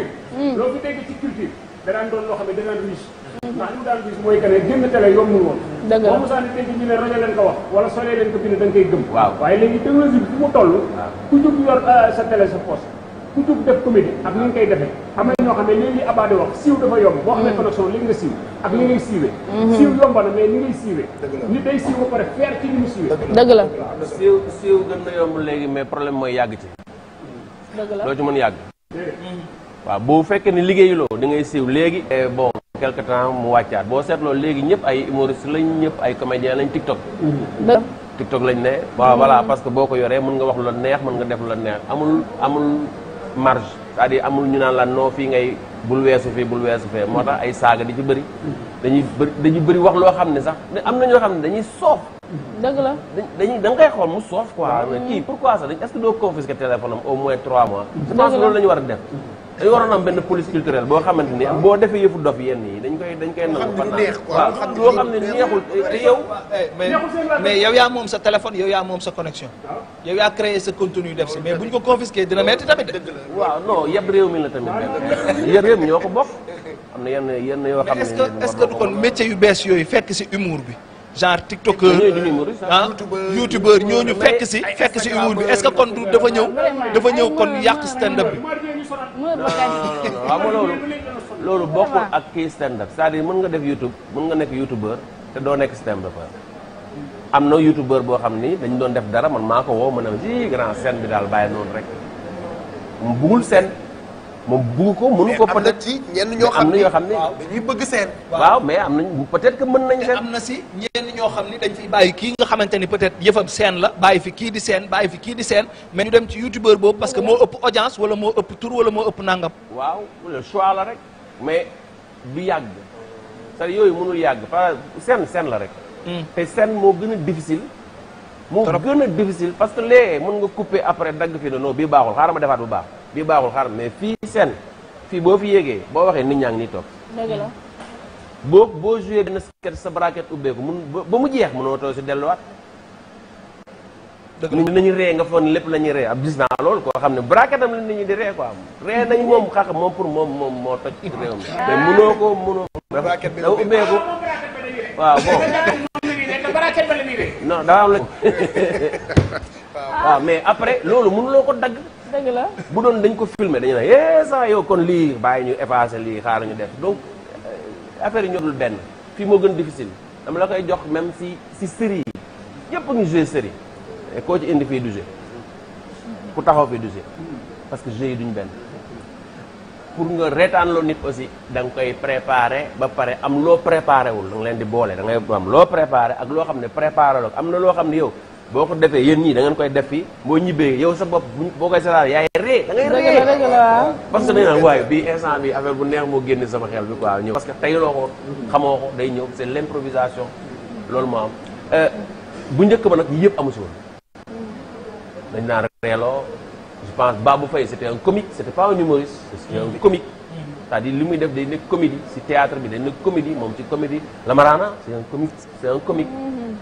waaw li mu daan gis mooy que ne génn télé yombul woon. dëgg la boo mosaan di dégg ñu ne rajo leen ko wax wala solee leen ko bind da nga koy gëm. waaye léegi technologie bi fu euh, def comédie ak am na ñoo xam ne léegi abaade wax siiw dafa yomb. boo xamee mm. connexion li nga siiw ak li ngay siiwee. Mm-hmm. siiw yomb na mais ni ngay siiwee. nit day siiw ba pare feer ci ni mu siiwee. dëgg la siiw gën na yomb léegi mais problème mooy yàgg ci. dëgg la loo ci mën yàgg. waaw boo fekkee ne liggéeyuloo da ngay siiw léegi eh, bon quelque temps mu wàccaat boo seetloo léegi ñëpp ay humoriste lañ ñëpp ay comédien lañ TikTok mm-hmm. TikTok lañ ne waaw voilà parce que boo ko yoree mën nga wax lu neex mën nga def lu la neex amul amul marge cest à amul ñu naan la noo fii ngay bul weesu fii bul weesu fee moo tax ay saaga di ci bëri mm-hmm. dañuy bëri dañu bëri wax loo xam ne sax am na ñoo xam ne dañuy soof mm-hmm. dëgg la dañuy da nga koy xool mu soof quoi kii pourquoi ça est au moins trois mois je loolu la ñu war a def dañu waroon am benn police culturelle boo xamante ni boo defee yëfu dof yenn yi dañ koy dañ koy nangu fan waaw loo xam ne neexul te eh, yow eh, mais moom sa téléphone yow yaa moom sa connexion yow yaa créé sa contenu def si mais bu ko confisqué dina metti tamit waaw non yëpp réew mi la tamit yëpp réew mi ñoo ko bokk am na yenn yenn yoo xam ne est-ce que que kon métier yu bees yooyu fekk si humour bi genre tiktokeur ah youtubeur ñooñu fekk si fekk si humour bi est-ce que kon du dafa ñëw dafa ñëw kon yàq stand-up bi. waaw ma loolu loolu ak kii stand-up c'est-à-dire mën nga def youtube mën nga nekk youtubeur te doo nekk stand-up am na youtubeur boo xam ni dañu doon def dara man maa ko woo ma ne ma grand scène bi daal bàyyi noonu rek mu bugul moom bugg ko mënu ko peut être ci ñenn ñoo xam ne dañuy bëgg seen waaw mais am nañ peut être que mën nañ seen am na si ñenn ñoo xam ni dañ fi bàyyi kii nga xamante ni peut être yëfam seen la bàyyi fi kii di seen bàyyi fi kii di seen mais ñu dem ci youtubeur boobu parce que moo ëpp audience wala moo ëpp tour wala moo ëpp nangam waaw le choix la rek mais du yàgg c'est yooyu mënul yàgg par seen seen la rek hmm. te seen moo gën a difficile moo gën a difficile parce que lee mën nga couper après dagg fii ne non bii baaxul xaaral ma defaat bu baax bii baaxul xaaral mais fii seen fii boo fi yéegee boo waxee nit ñaa ngi nii toog. boo boo joué benn sketch sa braquette ubbeeku mun ba ba mu jeex mënoo too si delluwaat. dëgg la nit nañu ree nga foog lépp la ñuy ree ab ah, gis naa loolu koo xam ne braquette am la nit ñi di ree quoi. ree nañ moom xax moom pour moom moom moo toj it réew mi. Ah. mais mënoo ko mënoo. braquette bi dafa ubbeeku ah, waaw non daa am la waaw ah, mais après loolu mënuloo ko dagg. dëgg la bu doon dañ ko filmer dañu ne yee saa yow kon lii bàyyi ñu effacé lii xaar ñu def donc euh, affaire yi ñorul benn fii moo gën difficile dama la koy jox même si si série yi ñëpp ngi joué série koo ci indi fii du joué ku taxaw fii du joué parce que jeu yi duñ benn. pour nga reetaanloo nit aussi da nga koy préparer ba pare am loo préparé wul da leen di boole dangay ngay am loo préparé ak loo xam ne préparé loo am na loo xam ne yow boo ko defee yéen ñii da ngeen koy def fii boo ñibbee yow sa bopp boo koy seetaan yaay ree da ngay ree parce que dañ bii instant bi affaire bu neex moo génn sama xel bi quoi ñëw parce que tey loo ko xamoo ko day ñëw c'est l'improvisation loolu moo am euh, bu njëkk ba nag yëpp amu si woon dañ naan reeloo pense Babou Faye c' était un comique c' était un humoriste c' un mm-hmm. comique cest dire li muy def day nekk comédie ci théâtre bi day nekk comédie moom ci comédie Lamarana c' est un comique c' un comique mm-hmm.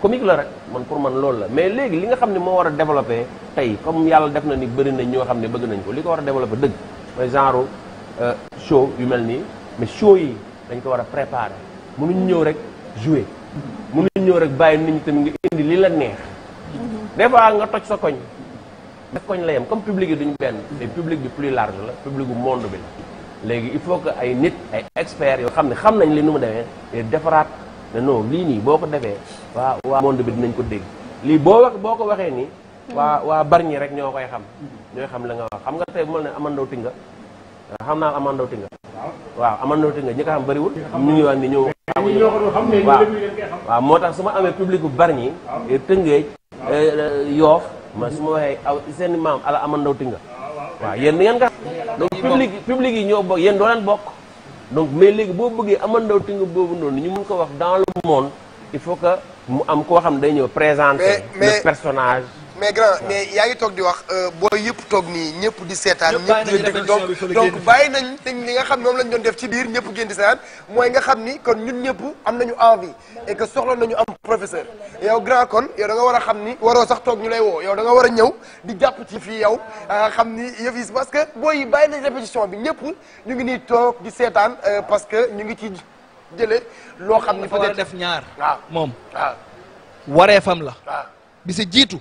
tu la rek man pour man loolu la mais léegi li nga xam ne moo war a développé tey comme yàlla def na ni bëri nañ ñoo xam ne bëgg nañ ko li ko war a développé dëgg mooy genre euh, show yu mel nii mais show yi dañ ko war a préparé mënuñ ñëw rek jouer mënuñ mm-hmm. ñëw rek bàyyi nit ñi indi li la neex des fois nga toj sa koñ def koñ la yem comme public yi duñu benn mais public bi plus large la public bu monde bi la léegi il faut que ay nit ay experts yoo xam ne xam nañ li nu mu demee defaraat ne non lii nii boo ko defee waa waa monde bi dinañ ko dégg lii boo wax boo ko waxee nii waa waa barñi rek ñoo koy xam ñooy xam la nga wax xam nga tey bu ma ne amandaw tinga xam naa amandaw tinga waaw amandaw tinga ñi ko xam bëriwul ñu ngi wax ni ñëw waaw waaw moo tax su ma amee public bu barñi tëngéej eh, eh, yoof ma su ma waxee aw seen maam ala amandaw ti nga waaw yenn ni ngeen nga donc public public yi ñoo bokk yéen doo leen bokk donc mais léegi boo bëggee amandaw ti nga boobu noonu ñu mun ko wax dans le monde il faut que mu am koo xam ne day ñëw présenter le personnage mais grand mais yaa ngi toog di wax euh, booy yëpp toog nii ñëpp di seetaan ñëpp di déglu donc donc bàyyi nañ li nga xam moom lañ doon def ci biir ñëpp génn di seetaan mooy nga xam ni kon ñun ñëpp am nañu envie et que soxla nañu am professeur yow grand kon yow da nga war a xam ni waroo sax toog ñu lay woo yow da nga war a ñëw di jàpp ci fii yow ah, xam ni yëf yi parce que booy yi bàyyi nañ répétition bi ñëpp ñu ngi nii toog di seetaan euh, parce que ñu ngi ci jële loo xam ni peut def ñaar waaw moom waaw wareefam la bi si jiitu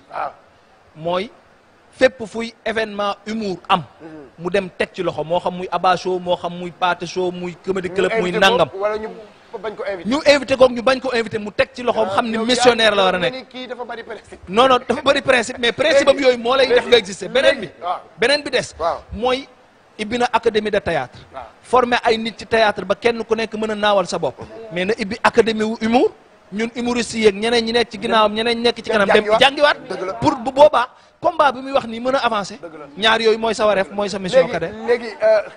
mooy fépp fuy événement humour am mu dem teg ci loxo moo xam muy Abba show moo xam muy Pathé show muy comedy club muy nangam ñu invité koog ñu bañ ko invité mu teg ci loxo ah, xam ni missionnaire la war a nekk non non dafa bëri principe mais principe am yooyu moo lay def nga existé beneen bi beneen bi des mooy ibbi na académie de théâtre formé ay nit ci théâtre ba kenn ku nekk mën a naawal sa bopp mais na ibbi académie humour ñun humoriste yeeg ñeneen ñi nekk ci ginnaawam ñeneen nekk ci kanam dem jàngiwaat pour bu boobaa combat bi muy wax nii mën a avancé ñaar yooyu mooy sa wareef mooy sa mission. kade léegi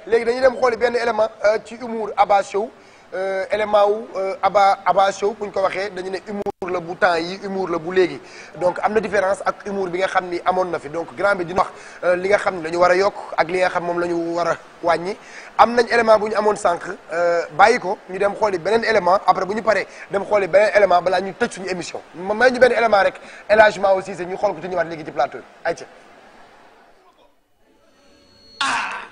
léegi euh, dañu dem xooli benn élément euh, ci humour Abba Show Euh, élément wu euh, aba aba show bu ñu ko waxee dañu ne humour la bu temps yi humour la bu léegi donc am na différence ak humour bi nga xam ni amoon na fi donc grand bi dina wax euh, li nga xam ne la ñu war a yokk ak li nga xam moom la ñu war a wàññi am nañ élément bu ñu amoon sànq bàyyi ko ñu dem xooli beneen élément après bu ñu paree dem xooli beneen élément balaa ñu tëj suñu émission ma may ñu benn élément rek élargement aussi c'est ñu xool ko te ñëwaat léegi ci plateau bi ayca ah!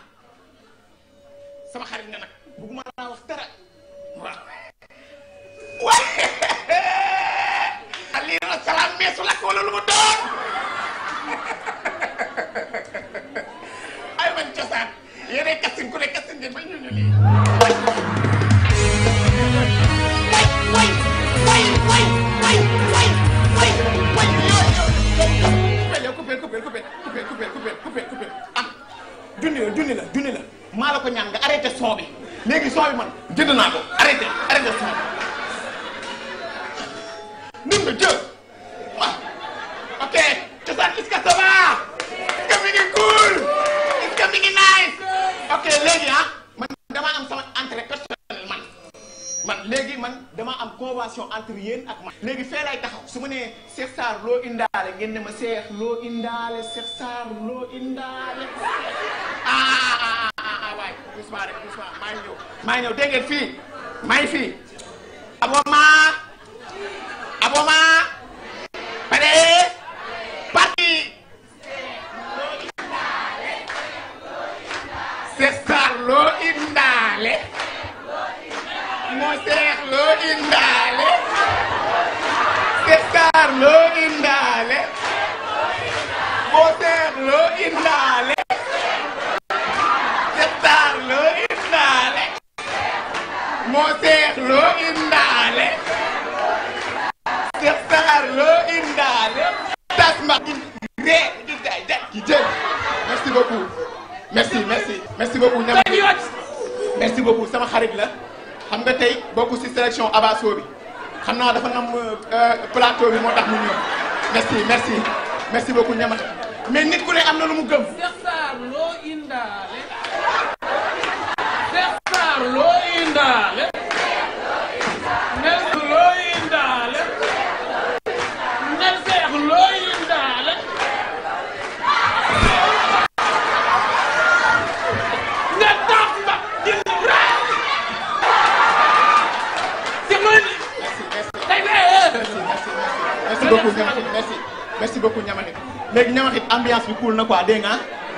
quoi dégg nga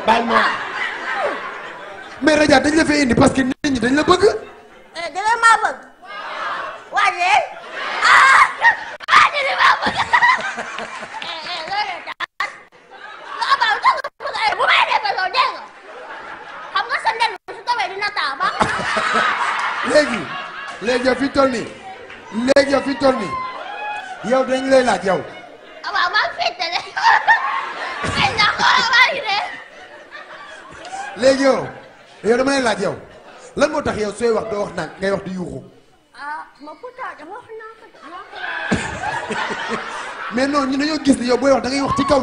baal ma mais Radia dañ la fee indi parce que nit ñi dañ la bëgg. Eh, dañ la maa bëgg. waa de ah ah nit ñi maa bëgg. Eh, eh, bu may defee loolu dégg nga xam nga sa ndel su tawee dina taa ba. léegi léegi yow fi toll nii léegi yow fi toll nii yow dañ lay laaj yow. léegi yow dama lay laaj yow lan moo tax yow sooy wax doo wax naan ngay wax di yuuxu. Ah, mais non ñu dañoo gis ne yow booy wax da ngay wax ci kaw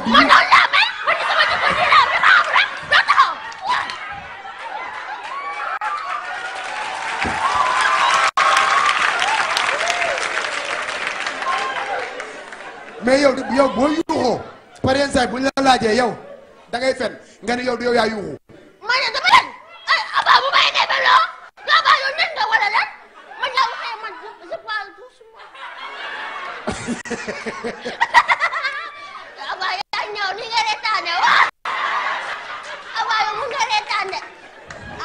yow yow boo yuuxoo par bu ñu la laajee yow da ngay fen nga ne yow du yow yaa yuuxu waaw yaa ñëw ni nga reetaane waaw waaw mu nga reetaane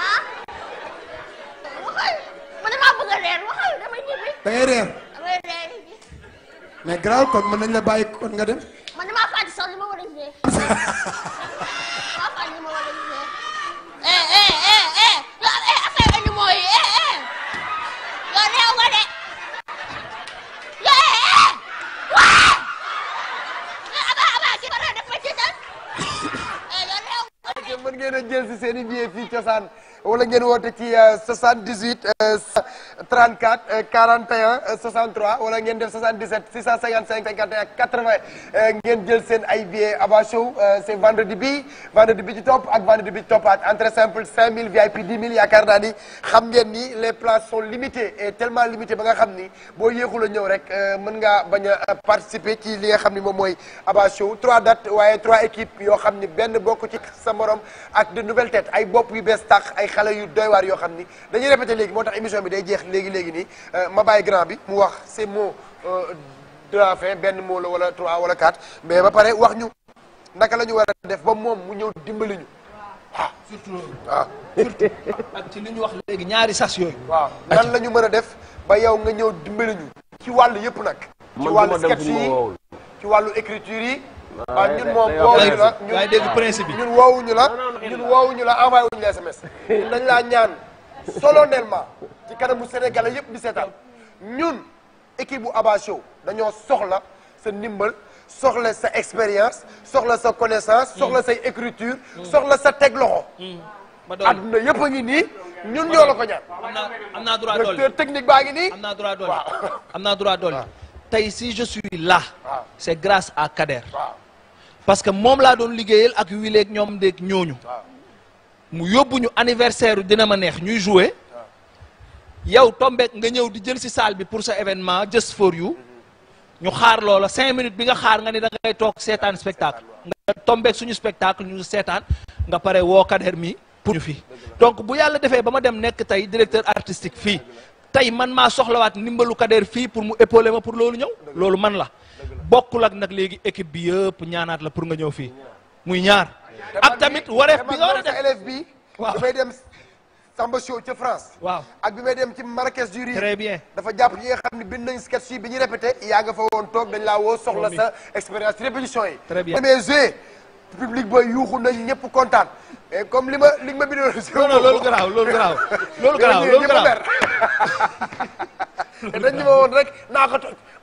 ah waxal man damaa bëgg a reer waxal dama ñibbi. da ngay reer. damay reer. mais garaaw kon mën nañ la bàyyi kon nga dem. man damaa fàtte sax li ma war a wala ngeen woote ci 78 euh, 34 41 63 wala ngeen def 77 655 51 80 ngeen jël seen ay billets Abba Show euh, c'est vendredi bi vendredi bi ci topp ak vendredi bi ci toppaat entrée simple 5000 VIP 10 000 yaakaar naa ni xam ngeen ni les places sont limitées et tellement limitées ba nga xam ni boo yéexul a ñëw rek euh, mën nga bañ a euh, participer ci li nga xam ni moom mooy Abba Show 3 dates waaye 3 équipes yoo xam ni benn bokk ci sa morom ak de nouvelles têtes ay bopp yu bees tax ni dañuy répéter léegi bi day jeex léegi. léegi léegi nii euh, ma bàyyi grand bi mu wax ces mots euh, de benn mot la wala trois wala quatre mais ba pare wax ñu naka la ñu war a def ba moom mu ñëw dimbali ñu. waaw ah. surtout waaw ah. surtout ci li ñu wax léegi ñaari sas yooyu. waaw lan ñu mën a def ba yow nga ñëw dimbali ñu. ci wàll yëpp nag. ci wàll sketch yi ci wàllu écriture yi. waaw ah, ñun moom woowuñu la ñun dégg principe yi ñun woowuñu la ñun woowuñu la envoyé wuñu la SMS. nañ laa ñaan solennellement ci kanamu Sénégalais yëpp di seetaan ñun équipe bu Abba dañoo soxla sa ndimbal soxla sa expérience soxla sa connaissance. soxla mm. sa écriture. soxla sa teg loxo. ba mm. doole adduna yëpp a ngi nii ñun ñoo la ko ñaan. am naa droit doole am naa droit am naa droit tey si je suis là. c' est grâce à Kader. parce que moom laa doon liggéeyal ak wileeg ñoom déeg ñooñu. mu yóbbu ñu anniversaire dina ma neex ñuy jouer. yow tombé nga ñëw di jël si salle bi pour sa événement just for you ñu xaar loola cinq minutes bi nga xaar nga ni da ngay toog seetaan spectacle nga tombé suñu spectacle ñu seetaan nga pare woo Kader mi pour ñu fi donc bu yàlla defee ba ma dem nekk tey directeur artistique fii tey man maa soxlawaat ndimbalu Kader fii pour mu épole ma pour loolu ñëw loolu man la bokkul ak nag léegi équipe bi yëpp ñaanaat la pour nga ñëw fi muy ñaar ak tamit wareef Samba Show ca France. waaw ak bi may dem ci Marrakech du Rire. très dafa jàpp ñi nga xam ne bind nañ sketch yi bi ñu répété. yaa nga fa woon toog dañ laa woo soxla sa expérience répétition yi. très bien mais joué public ba yuuxu nañ ñëpp kontaan. mais comme li ma li ma bindoon. non non loolu garaaw loolu garaaw. loolu garaaw loolu garaaw dañ ñu ma woon rek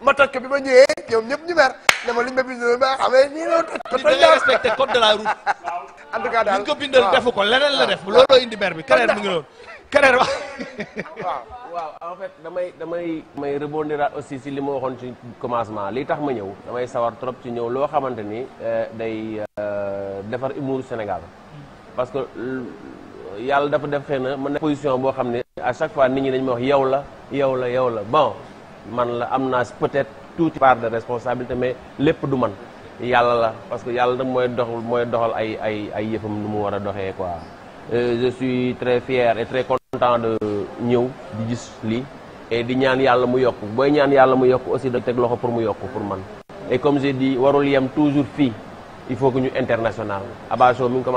ma toj ko bi ma ñëwee ñoom ñëpp ñu mer ne ma liñ ma bindal ba xamee nii la toj. ko toj naa respecté code de la route. en tout daal ko indi mer bi keneen mu ngi noonu. keneen wax. waaw en fait damay damay. may rebondiraat aussi si li ma waxoon ci commencement li tax ma ñëw damay sawar trop ci ñëw loo xamante ni euh, day euh, defar humour Sénégal parce que. yàlla dafa def xëy na mën na position boo xam ne à chaque fois nit ñi dañ ma wax yow la yow la yow la bon man la am naa peut-être tuuti part de responsabilité mais lépp du man yàlla la parce que yàlla nag mooy doxal mooy doxal ay ay ay yëfam nu mu war a doxee quoi euh, je suis très fier et très content de ñëw di gis lii e di ñaan yàlla mu yokk booy ñaan yàlla mu yokk aussi da teg loxo pour mu yokk pour man et comme j'ai warul yem toujours fii il faut que ñu international Abba Show mi ngi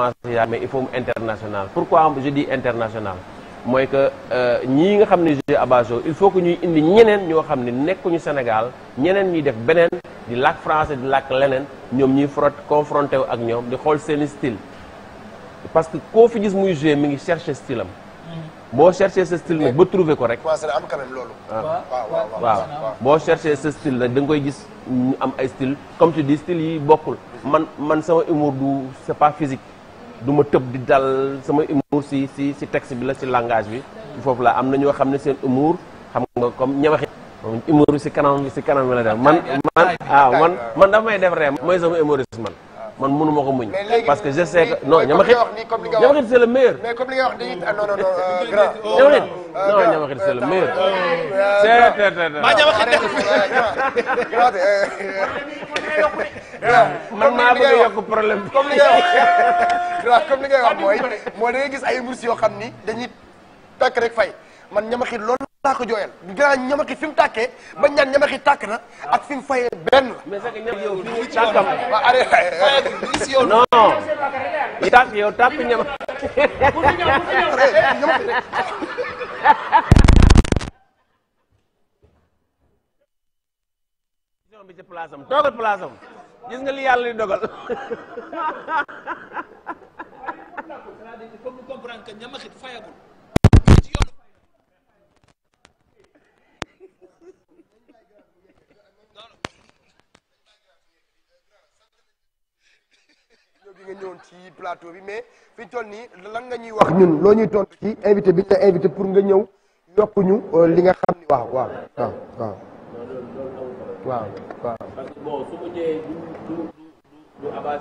mais il faut mu international pourquoi je international mooy que euh, ñi nga xam ne joué à il faut que ñuy indi ñeneen ñoo xam ne nekkuñu Sénégal ñeneen ñuy def beneen di làkk francais di làkk leneen ñoom ñuy frotté confronté wu ak ñoom di xool seeni style parce que koo fi gis muy joué mi ngi cherché style am. Mm-hmm. boo cherché sa style nag ba trouvé ko rek. waaw c'est am quand même loolu. Ah. waaw waaw boo cherché sa style nag da nga koy gis ñu am ay style comme tu dis style yi bokkul mm-hmm. man man sama humour du c'est du ma tëb di dal sama humour si si si texte bi la si langage bi foofu la am na ñoo xam ne seen humour xam nga comme ñabaxi humour si kanam bi si kanam bi la def man man ah man man daf may def ree mooy sama humorisme man man mënu ma ko muñ. parce que je sais que non ñamaxit ñamaxit c'est le meilleur. mais comme li nga wax nii non non non. ñamaxit non ñamaxit c'est le meilleur. man maa bëgg a yokk problème bi. comme li nga wax comme li nga wax mooy moo da ngay gis ay émissions yoo xam ni dañuy takk rek fay. man ñamaxit loolu laa ko jooyal gannaaw ñamaxit fi mu tàkkee ba ñaan ñamaxit tàkk na ak fi mu fayee benn la. mais yow fii tàkkam waaw ah, arrêté bi nga ñëwoon ci plateau bi mais fi ñu toll nii lan nga ñuy wax ñun loo ñuy tontu ci invité bi nga invité pour nga ñëw yokk ñu euh, li nga xam ni waaw waaw waaw waaw waaw waaw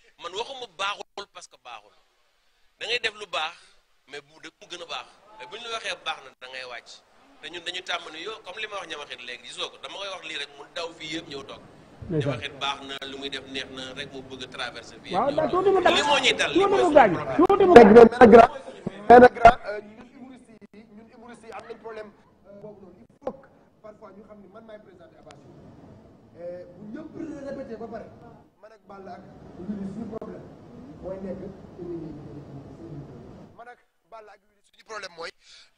man waxuma baaxul parce que baaxul da ngay def lu baax mais bu dee mu gën a baax mais bu ñu la waxee baax na da ngay wàcc te dañu tàmm ni yow comme li ma wax ñamaxit léegi gisoo ko dama koy wax lii rek mu daw fii yëpp ñëw toog. ñamaxit baax na lu muy def neex na rek mu bëgg a traversé. fii yëpp ñëw toog te li moo ñuy dal li moo gaañ tuuti mu gaañ. mais nag grand mais nag grand ñun humoristes yi ñun am nañ problème. boobu euh, noonu il faut ñu xam ne man maay présenté Abba Eh, bu ñëpp répété ba pare man ak Balla ak Wally suñu problème mooy nekk man ak mooy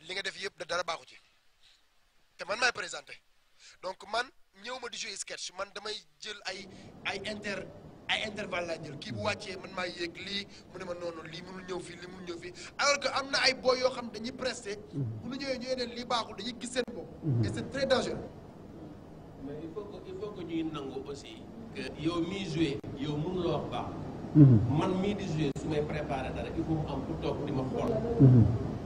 li nga def yëpp da dara baaxu ci te man maay présenté donc man ñëw ma di jouer sketch man damay jël ay ay inter ay intervalle laa jël kii bu wàccee man maa yéeg lii mu ne ma noonu lii mënul ñëw fii lii mënul ñëw fii alors que am na ay boy yoo xam dañuy presté mhm. bu ñu ñëwee ñëwee ne lii baaxul dañuy gis seen bopp mhm. et c'est très dangereux faut que ñuy nangu aussi que yow miy joué yow mënuloo wax baax mhm. man mii di joué su may préparé dara il faut mu am ku toog di ma xool mhm.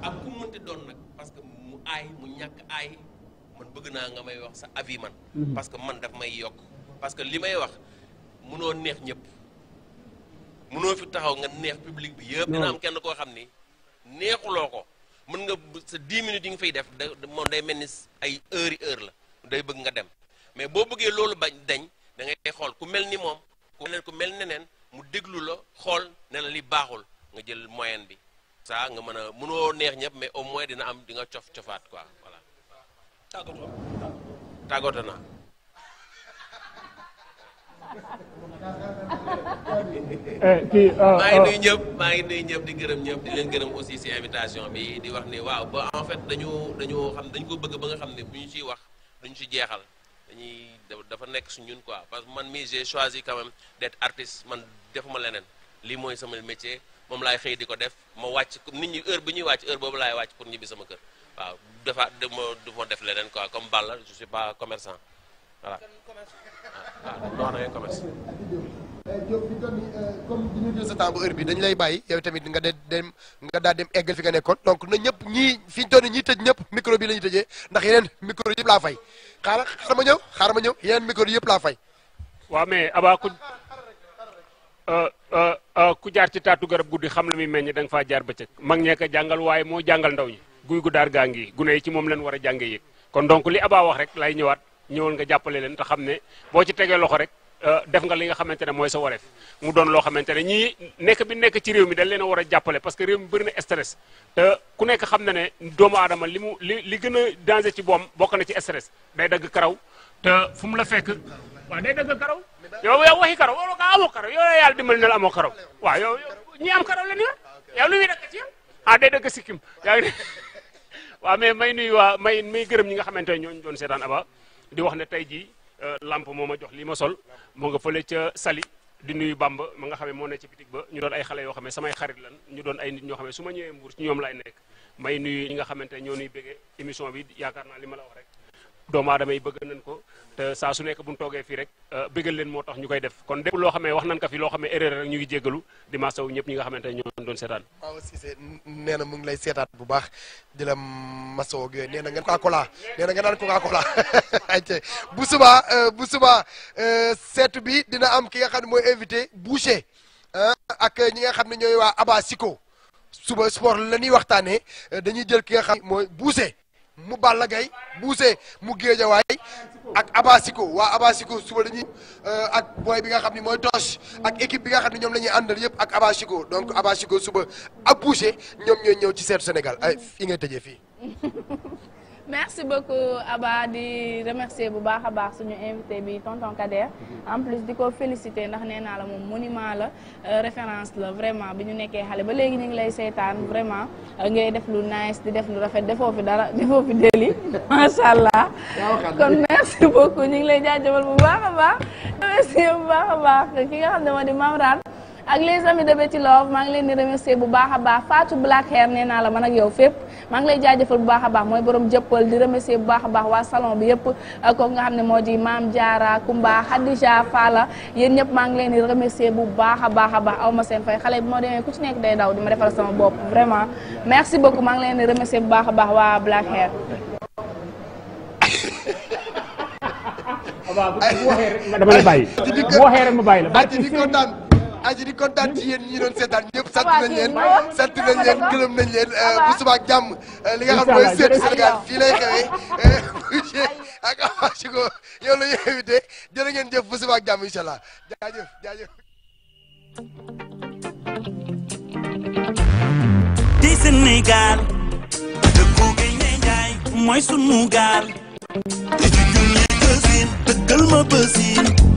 ak ku mënti doon nag parce que mu aay mu ñàkk aay man bëgg naa nga may wax sa avis man mhm. parce que man daf may yokk parce que li may wax mënoo neex ñëpp mënoo fi taxaw nga neex public bi yëpp dina am kenn koo xam ni neexuloo ko mën nga sa dix minutes yi nga fay def da moom day mel ay heures yi heure la day bëgg nga dem mais boo bëggee loolu bañ dañ da ngay xool ku mel ni moom ku mel neneen mu déglu la xool ne la li baaxul nga jël moyenne bi saa nga mën a mënoo neex ñëpp mais au moins dina am di nga cof cofaat quoi voilà. tàggatoo tàggatoo naa. Eh, kii ah, maa ngi ah. nuyu ñëpp maa ngi nuyu ñëpp di gërëm ñëpp di leen gërëm aussi ci invitation bi di wax ni waaw ba en fait dañu dañu xam dañu ko bëgg ba nga xam ne bu ñu ci wax duñu ci jeexal. dañuy dafa nekk su ñun quoi parce que man mii j'ai choisi quand même d'être man defuma leneen lii mooy sama métier moom laay xëy di ko def ma wàcc nit ñi heure bi ñuy wàcc heure boobu laay wàcc pour ñibbi sama kër waaw dafa du ma def leneen quoi comme Balla je suis pas commerçant voilà. Ah, waaw waaw commerce. Eh, eh, bi ñu lay bàyyi yow tamit nga de dem nga daal dem eggal fi nga nekkoon donc na ñëpp ñii fi ñu toll ñii tëj ñëpp micro bi la ñuy tëjee ndax yeneen micro yëpp laa fay. xaaral xaaral ma ñëw xaaral ma ñëw yenn micro yëpp laa fay. waaw mais abaa euh, euh, euh, ku jaar ci taatu garab guddi xam la muy meññ da nga faa jaar bëccëg. mag ñee ko jàngal waaye moo jàngal ndaw ñi guy gu daar gaa ngi gune yi ci moom leen war a jàngee yëg kon donc li abaa wax rek lay ñëwaat ñëwal nga jàppale leen te xam ne boo ci tegee loxo rek. Euh, def nga li nga xamante ne mooy sa wareef mu doon loo xamante ne ñii nekk bi nekk ci réew mi dañ leen a war jàppale parce que réew mi bëri stress euh, ku nekk xam na ne doomu aadama li mu li li gën a danger ci boom bokk na ci stress day dagg karaw te fu mu la fekk waaw day dagg karaw yow yow waxi karaw yow amoo karaw yow yàlla dimbali na la amoo karaw waaw yow ñi am karaw leen yor yow lu muy dagg ci yow ah day waa may gërëm ñi nga xamante ne ñooñu doon seetaan aba di wax ne tey jii Euh, lamp moo ma jox lii ma sol moo nga fële ca Sali di nuyu ba ma nga xam ne moo ne ci bitig ba ñu doon ay xale yoo xam ne samay xarit lan ñu doon ay nit ñoo xam ne su ma ñëwee Mbuur ci ñoom laay nekk may nuyu ñi nga xamante ne ñoo nuy béggee émission bi yaakaar naa li ma la wax rek doomu aadama yi bëgg nañ ko te saa su nekk bu ñu toogee fii rek euh, bëggal leen moo tax ñu koy def kon def loo xam ne wax nañ ko fi loo xam ne rek ñu ngi jéggalu di masawu ñëpp ñi nga xamante ne ñoo doon na mu ngi lay seetaat bu baax di la masawu nee na nga Coca Cola nee na nga naan Coca Cola bu subaa euh, bu subaa euh, seetu bi dina am ki nga xam ne mooy invité Boucher ak ñi nga xam ne ñooy waa Aba Siko suba sport la ñuy waxtaanee dañuy jël ki xam mooy Boucher. mu Balla Gaye buuse mu Géejawaay ak Abasiko waa Abasiko suba la ñuy euh, ak booy bi nga xam ne mooy Toch ak équipe bi nga xam ne ñoom lañuy ñuy àndal yëpp ak Abasiko donc Abasiko suba ak buuse ñoom ñooy ñëw ci seetu Sénégal ay fi ngay tëjee fii. merci beaucoup Aba di remercier bu baax a baax suñu invité bii tonton Kader mhm. en plus di ko féliciter ndax nee naa la moom monument la euh, référence la vraiment bi ñu nekkee xale ba léegi ñu ngi lay seetaan mhm. vraiment euh, ngay def lu nice di def lu rafet defoo fi dara defoo fi deli macha allah. kon merci beaucoup ñu ngi lay jaajëfal bu baax a baax. bu baax a ki nga xam ne moo di Mame Rane ak les amis de Betty Love maa ngi leen di remercier bu baax a baax Fatou Black Hair nee naa la man ak yow fépp maa ngi lay bu baax a baax mooy borom jëppal di remercier bu baax a baax waa salon bi yëpp kooku nga xam ne moo di Maam Diarra Kumba Khadija Fala yéen ñëpp maa ngi leen di remercier bu baax a baax a baax aw ma seen fay xale bi moo demee ku ci nekk day daw di ma defal sama bop vraiment merci beaucoup maa ngi leen di remercier bu baax a baax waa Black Hair waaw bu waxee rek dama lay aji di kontaan ci yéen ñi doon seetaan ñëpp ah, sant nañ leen sant nañ leen gërëm nañ leen bu subaa ak jàmm euh, li nga xam mooy seetu Sénégal fii lay xewee Boucher euh, ak Awa Chico yow la ñu invité jërë ngeen jëf bu subaa ak jàmm incha allah jaajëf jaajëf. di Sénégal dëkku gi ñay jaay mooy sunu gaal. te ci julli ma bësin